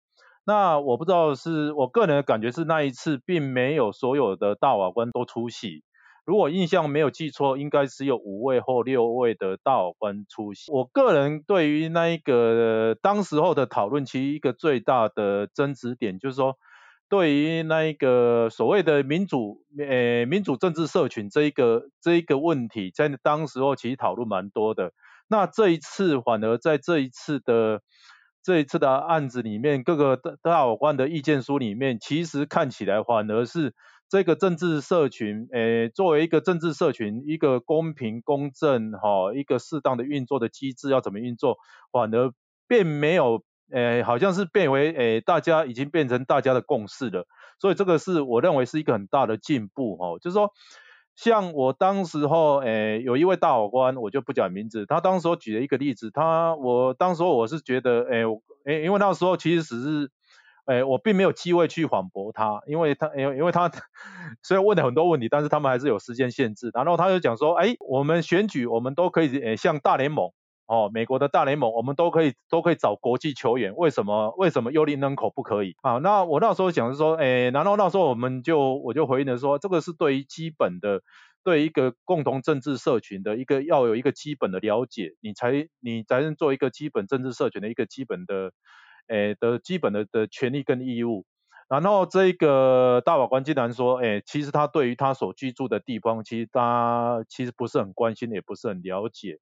那我不知道是我個人的感覺是那一次並沒有所有的大法官都出席。如果印象沒有記錯，應該只有五位或六位的大法官出席。我個人對於那一個當時候的討論，其實一個最大的爭執點就是說，對於那一個所謂的民主、呃，民主政治社群這一個這一個問題，在當時候其實討論蠻多的。那這一次反而在這一次的這一次的案子裡面，各個大法官的意見書裡面，其實看起來反而是。這個政治社群，誒、呃，作為一個政治社群，一個公平公正哈、哦，一個適當的運作的機制要怎麼運作，反而並沒有，誒、呃，好像是變為誒、呃，大家已經變成大家的共識了。所以這個是我認為是一個很大的進步哈、哦，就是說，像我當時候，誒、呃，有一位大法官，我就不講名字，他當時候舉了一個例子，他，我當時候我是覺得，誒、呃，誒、呃，因為那時候其實只是。哎，我並沒有機會去反駁他，因為他，因因為他，雖然問了很多問題，但是他們還是有時間限制。然後他就講說，哎，我們選舉，我們都可以，誒，像大聯盟，哦，美國的大聯盟，我們都可以，都可以找國際球員，為什麼，為什麼幽靈人口不可以啊？那我那時候講的說，哎，然後那時候我們就，我就回應了說，這個是對於基本的，對於一個共同政治社群的一個要有一個基本的了解，你才，你才能做一個基本政治社群的一個基本的。誒、哎，的基本的的權利跟義務，然後這個大法官竟然說，誒、哎，其實他對於他所居住的地方，其實他其實不是很關心，也不是很了解，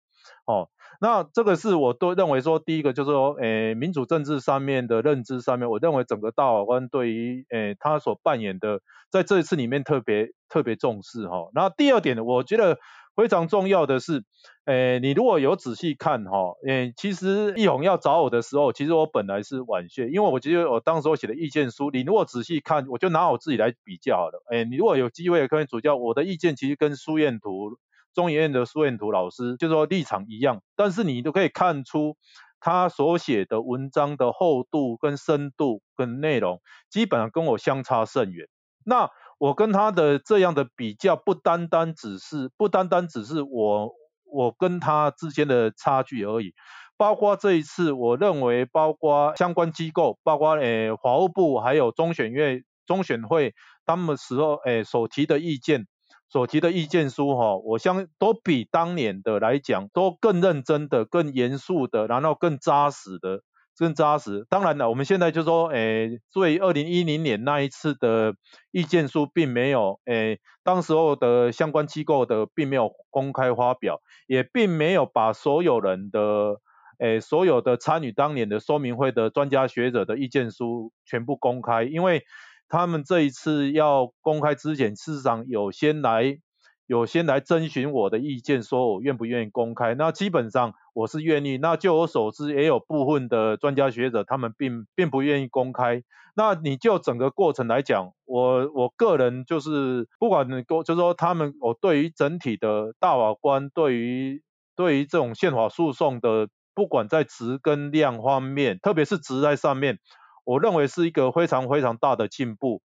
哦，那這個是我都認為說，第一個就是說，誒、哎，民主政治上面的認知上面，我認為整個大法官對於誒、哎、他所扮演的，在這一次裡面特別特別重視哈、哦，然後第二點呢，我覺得。非常重要的是，誒、欸，你如果有仔細看哈、喔，誒、欸，其實奕弘要找我的時候，其實我本來是婉謝，因為我覺得我當時候寫的意見書，你如果仔細看，我就拿我自己來比較好了。誒、欸，你如果有機會可以主教，我的意見其實跟蘇彥圖，中研院的蘇彥圖老師就是說立場一樣，但是你都可以看出他所寫的文章的厚度，跟深度，跟內容，基本上跟我相差甚遠。那我跟他的這樣的比較不單單，只是，不單單只是不單單只是我我跟他之間的差距而已，包括這一次，我認為包括相關機構，包括誒、欸、法務部還有中選院中選會他們時候誒所提的意見，所提的意見書哈，我相都比當年的來講都更認真的、更嚴肅的，然後更扎實的。真紮實。當然了，我們現在就說，誒、欸，所以二零一零年那一次的意見書，並沒有，誒、欸，當時候的相關機構的，並沒有公開發表，也並沒有把所有人的，誒、欸，所有的參與當年的說明會的專家學者的意見書全部公開，因為他們這一次要公開之前，事實上有先來。有先來徵詢我的意見，說我願不願意公開。那基本上我是願意。那就我所知，也有部分的專家學者他們並並不願意公開。那你就整個過程來講，我我個人就是不管就是說他們，我對於整體的大法官對於對於這種憲法訴訟的，不管在質跟量方面，特別是質在上面，我認為是一個非常非常大的進步。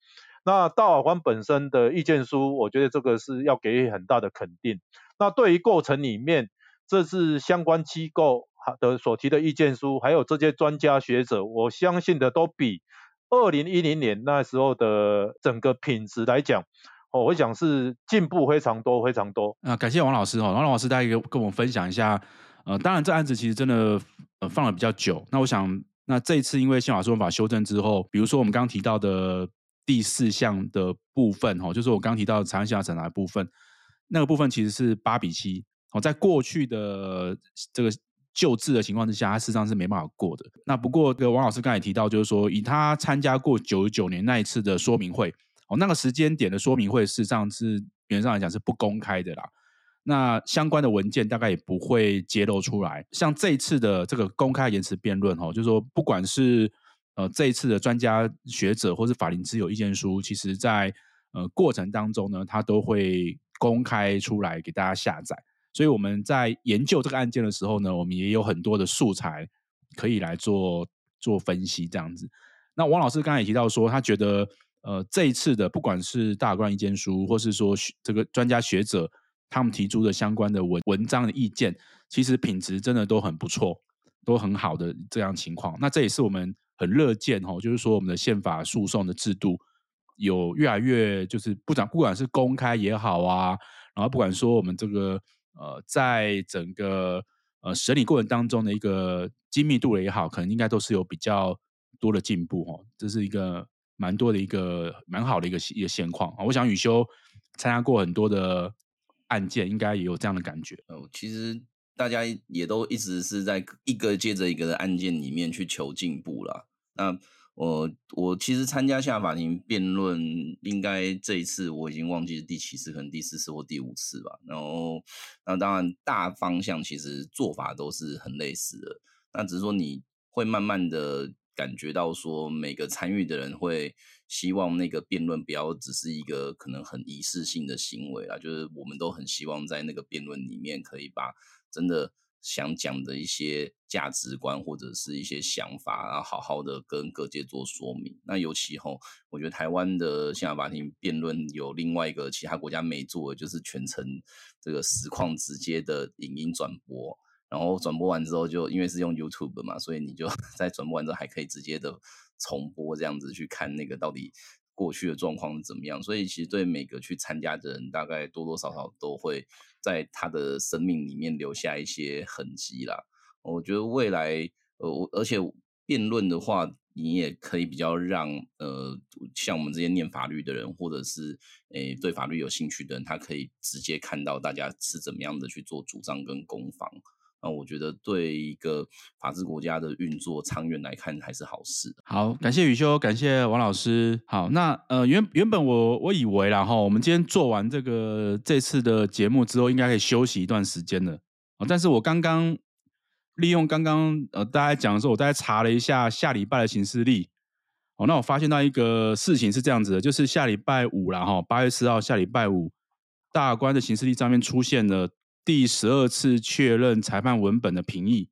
那大法官本身的意見書，我覺得這個是要給予很大的肯定。那對於過程裡面，這是相關機構的所提的意見書，還有這些專家學者，我相信的都比二零一零年那時候的整個品質來講，哦，我會講是進步非常多非常多。啊、呃，感謝王老師哦，王老師大家也跟我們分享一下。呃，當然這案子其實真的呃放了比較久。那我想，那這一次因為憲法訴訟法修正之後，比如說我們剛剛提到的。第四項的部分就是我剛提到長安西城那部分，那個部分其實是八比七哦，在過去的這個舊制的情況之下，它事實上是沒辦法過的。那不過，王老師剛才也提到，就是說以他參加過九十九年那一次的說明會哦，那個時間點的說明會，事實上是原則上來講是不公開的啦。那相關的文件大概也不會揭露出來。像這一次的這個公開言辭辯論就是說不管是。呃，這一次的專家學者或是法庭之友意見書，其實在，在呃過程當中呢，他都會公開出來給大家下載。所以我們在研究這個案件的時候呢，我們也有很多的素材可以來做做分析。這樣子，那王老師剛才也提到說，他覺得呃這一次的不管是大法官意見書，或是說這個專家學者他們提出的相關的文文章的意見，其實品質真的都很不錯，都很好的這樣情況。那這也是我們。很樂見哦，就是說我們的憲法訴訟的制度有越來越，就是不長，不管是公開也好啊，然後不管說我們這個呃，在整個呃審理過程當中的一個精密度也好，可能應該都是有比較多的進步哦，這是一個蠻多的一個蠻好的一個一個現況啊。哦，我想宇修參加過很多的案件，應該也有這樣的感覺哦。其實。大家也都一直是在一個接着一個的案件裡面去求進步啦。那我我其實參加下法庭辯論，應該這一次我已經忘記是第七次，可能第四次或第五次吧。然後，那當然大方向其實做法都是很類似的。那只是說，你會慢慢的感覺到，說每個參與的人會希望那個辯論不要只是一個可能很儀式性的行為啦。就是我們都很希望在那個辯論裡面可以把。真的想講的一些價值觀或者是一些想法啊，然後好好的跟各界做說明。那尤其吼，我覺得台灣的憲法法庭辯論有另外一個其他國家沒做的，就是全程這個實況直接的影音轉播。然後轉播完之後就，就因為是用 YouTube 嘛，所以你就在轉播完之後還可以直接的重播，這樣子去看那個到底過去的狀況是怎麼樣。所以其實對每個去參加的人，大概多多少少都會。在他的生命裡面留下一些痕跡啦。我覺得未來，呃，我而且辯論的話，你也可以比較讓呃，像我們這些念法律的人，或者是誒對法律有興趣的人，他可以直接看到大家是怎麼樣的去做主張跟攻防。啊，我覺得對一個法治國家的運作，長遠來看還是好事。好，感謝宇修，感謝王老師。好，那呃原原本我我以為啦，齁，我們今天做完這個這次的節目之後，應該可以休息一段時間了。哦，但是我剛剛利用剛剛呃大家講的時候，我大概查了一下下禮拜的行事曆。哦，那我發現到一個事情是這樣子的，就是下禮拜五啦，齁，八月四號下禮拜五，大官的行事曆上面出現了第十二次確認裁判文本的評議。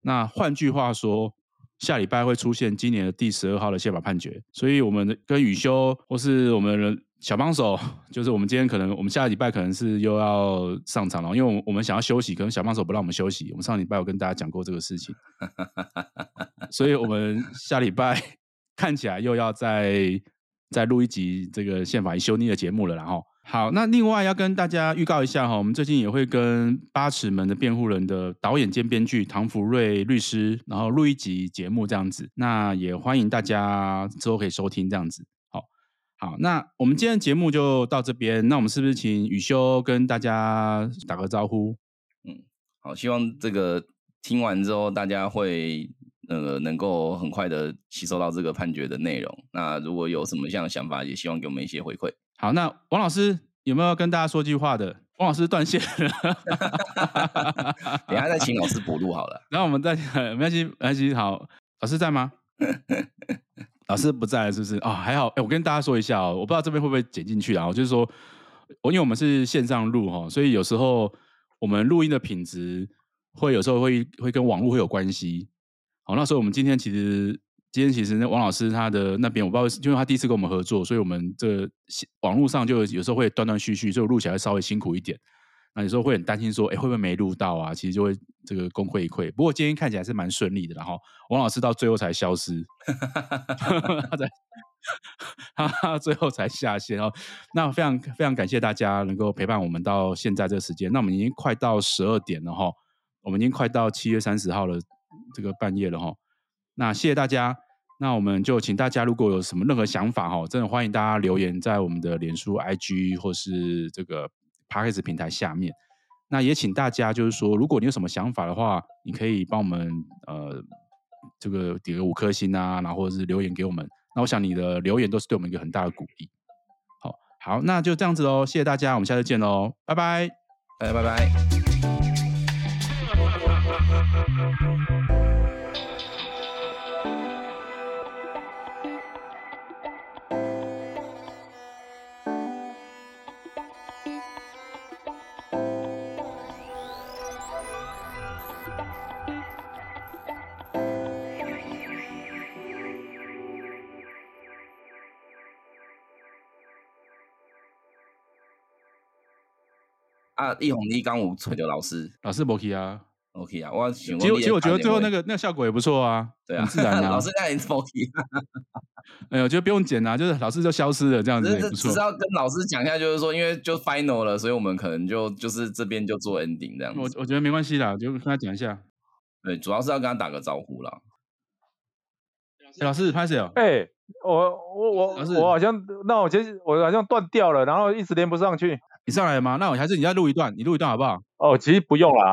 那換句話說，下禮拜會出現今年的第十二號的憲法判決。所以，我們的跟宇修或是我們人小幫手，就是我們今天可能我們下禮拜可能是又要上場了，因為我們我們想要休息，可能小幫手不讓我們休息。我們上禮拜有跟大家講過這個事情， *laughs* 所以我們下禮拜看起來又要再再錄一集這個憲法奕修你的節目了，然後。好，那另外要跟大家預告一下哈，我們最近也會跟《八尺門的辯護人》的導演兼編劇唐福瑞律師，然後錄一集節目這樣子。那也歡迎大家之後可以收聽這樣子。好，好，那我們今天的節目就到這邊。那我們是不是請宇修跟大家打個招呼？嗯，好，希望這個聽完之後大家會呃能夠很快的吸收到這個判決的內容。那如果有什麼樣的想法，也希望給我們一些回饋。好，那王老師有沒有跟大家說句話的？王老師斷線了 *laughs* *laughs* 等下再請老師補錄好了。然後我們再沒關係，沒關係。好，老師在嗎？ *laughs* 老師不在，是不是？啊、哦，還好、欸。我跟大家說一下哦，我不知道這邊會不會剪進去啊。就是說，我因為我們是線上錄、哦、所以有時候我們錄音的品質會有時候會會跟網絡會有關係。好，那所以我們今天其實。今天其實王老師他的那邊我不知道，因為他第一次跟我們合作，所以我們這個網絡上就有時候會斷斷續續，所以我錄起來稍微辛苦一點。那有時候會很擔心說，哎，會不會沒錄到啊？其實就會這個功虧一簣。不過今天看起來是蠻順利的，然後王老師到最後才消失，哈哈哈，他才他最後才下線。然後那我非常非常感謝大家能夠陪伴我們到現在這個時間。那我們已經快到十二點了哈，我們已經快到七月三十號的這個半夜了哈。那謝謝大家，那我們就請大家，如果有什麼任何想法哈、哦，真的歡迎大家留言在我們的臉書、IG 或是這個 Podcast 平台下面。那也請大家就是說，如果你有什麼想法的話，你可以幫我們呃這個點個五顆星啊，然後或者是留言給我們。那我想你的留言都是對我們一個很大的鼓勵。好、哦，好，那就這樣子嘍，謝謝大家，我們下次見嘍，拜拜，哎，拜拜。 *music* 啊、奕弘一剛五，吹的老師，老師 OK 啊，OK 啊，我其實其實我覺得最後那個會那個效果也不錯啊，對啊，自然的、啊， *laughs* 老師趕緊 OK，哎呦，就、 *laughs* 欸、不用剪啊，就是老師就消失了這樣子，只是，只是要跟老師講一下，就是說因為就 final 了，所以我們可能就就是這邊就做 ending 這樣子，我我覺得沒關係啦，就跟他講一下，對，主要是要跟他打個招呼啦。欸、老師，拍攝哎，我我我師我好像，那我其實我好像斷掉了，然後一直連不上去。你上來了嗎？那我還是你再錄一段，你錄一段好不好？哦，其實不用啦。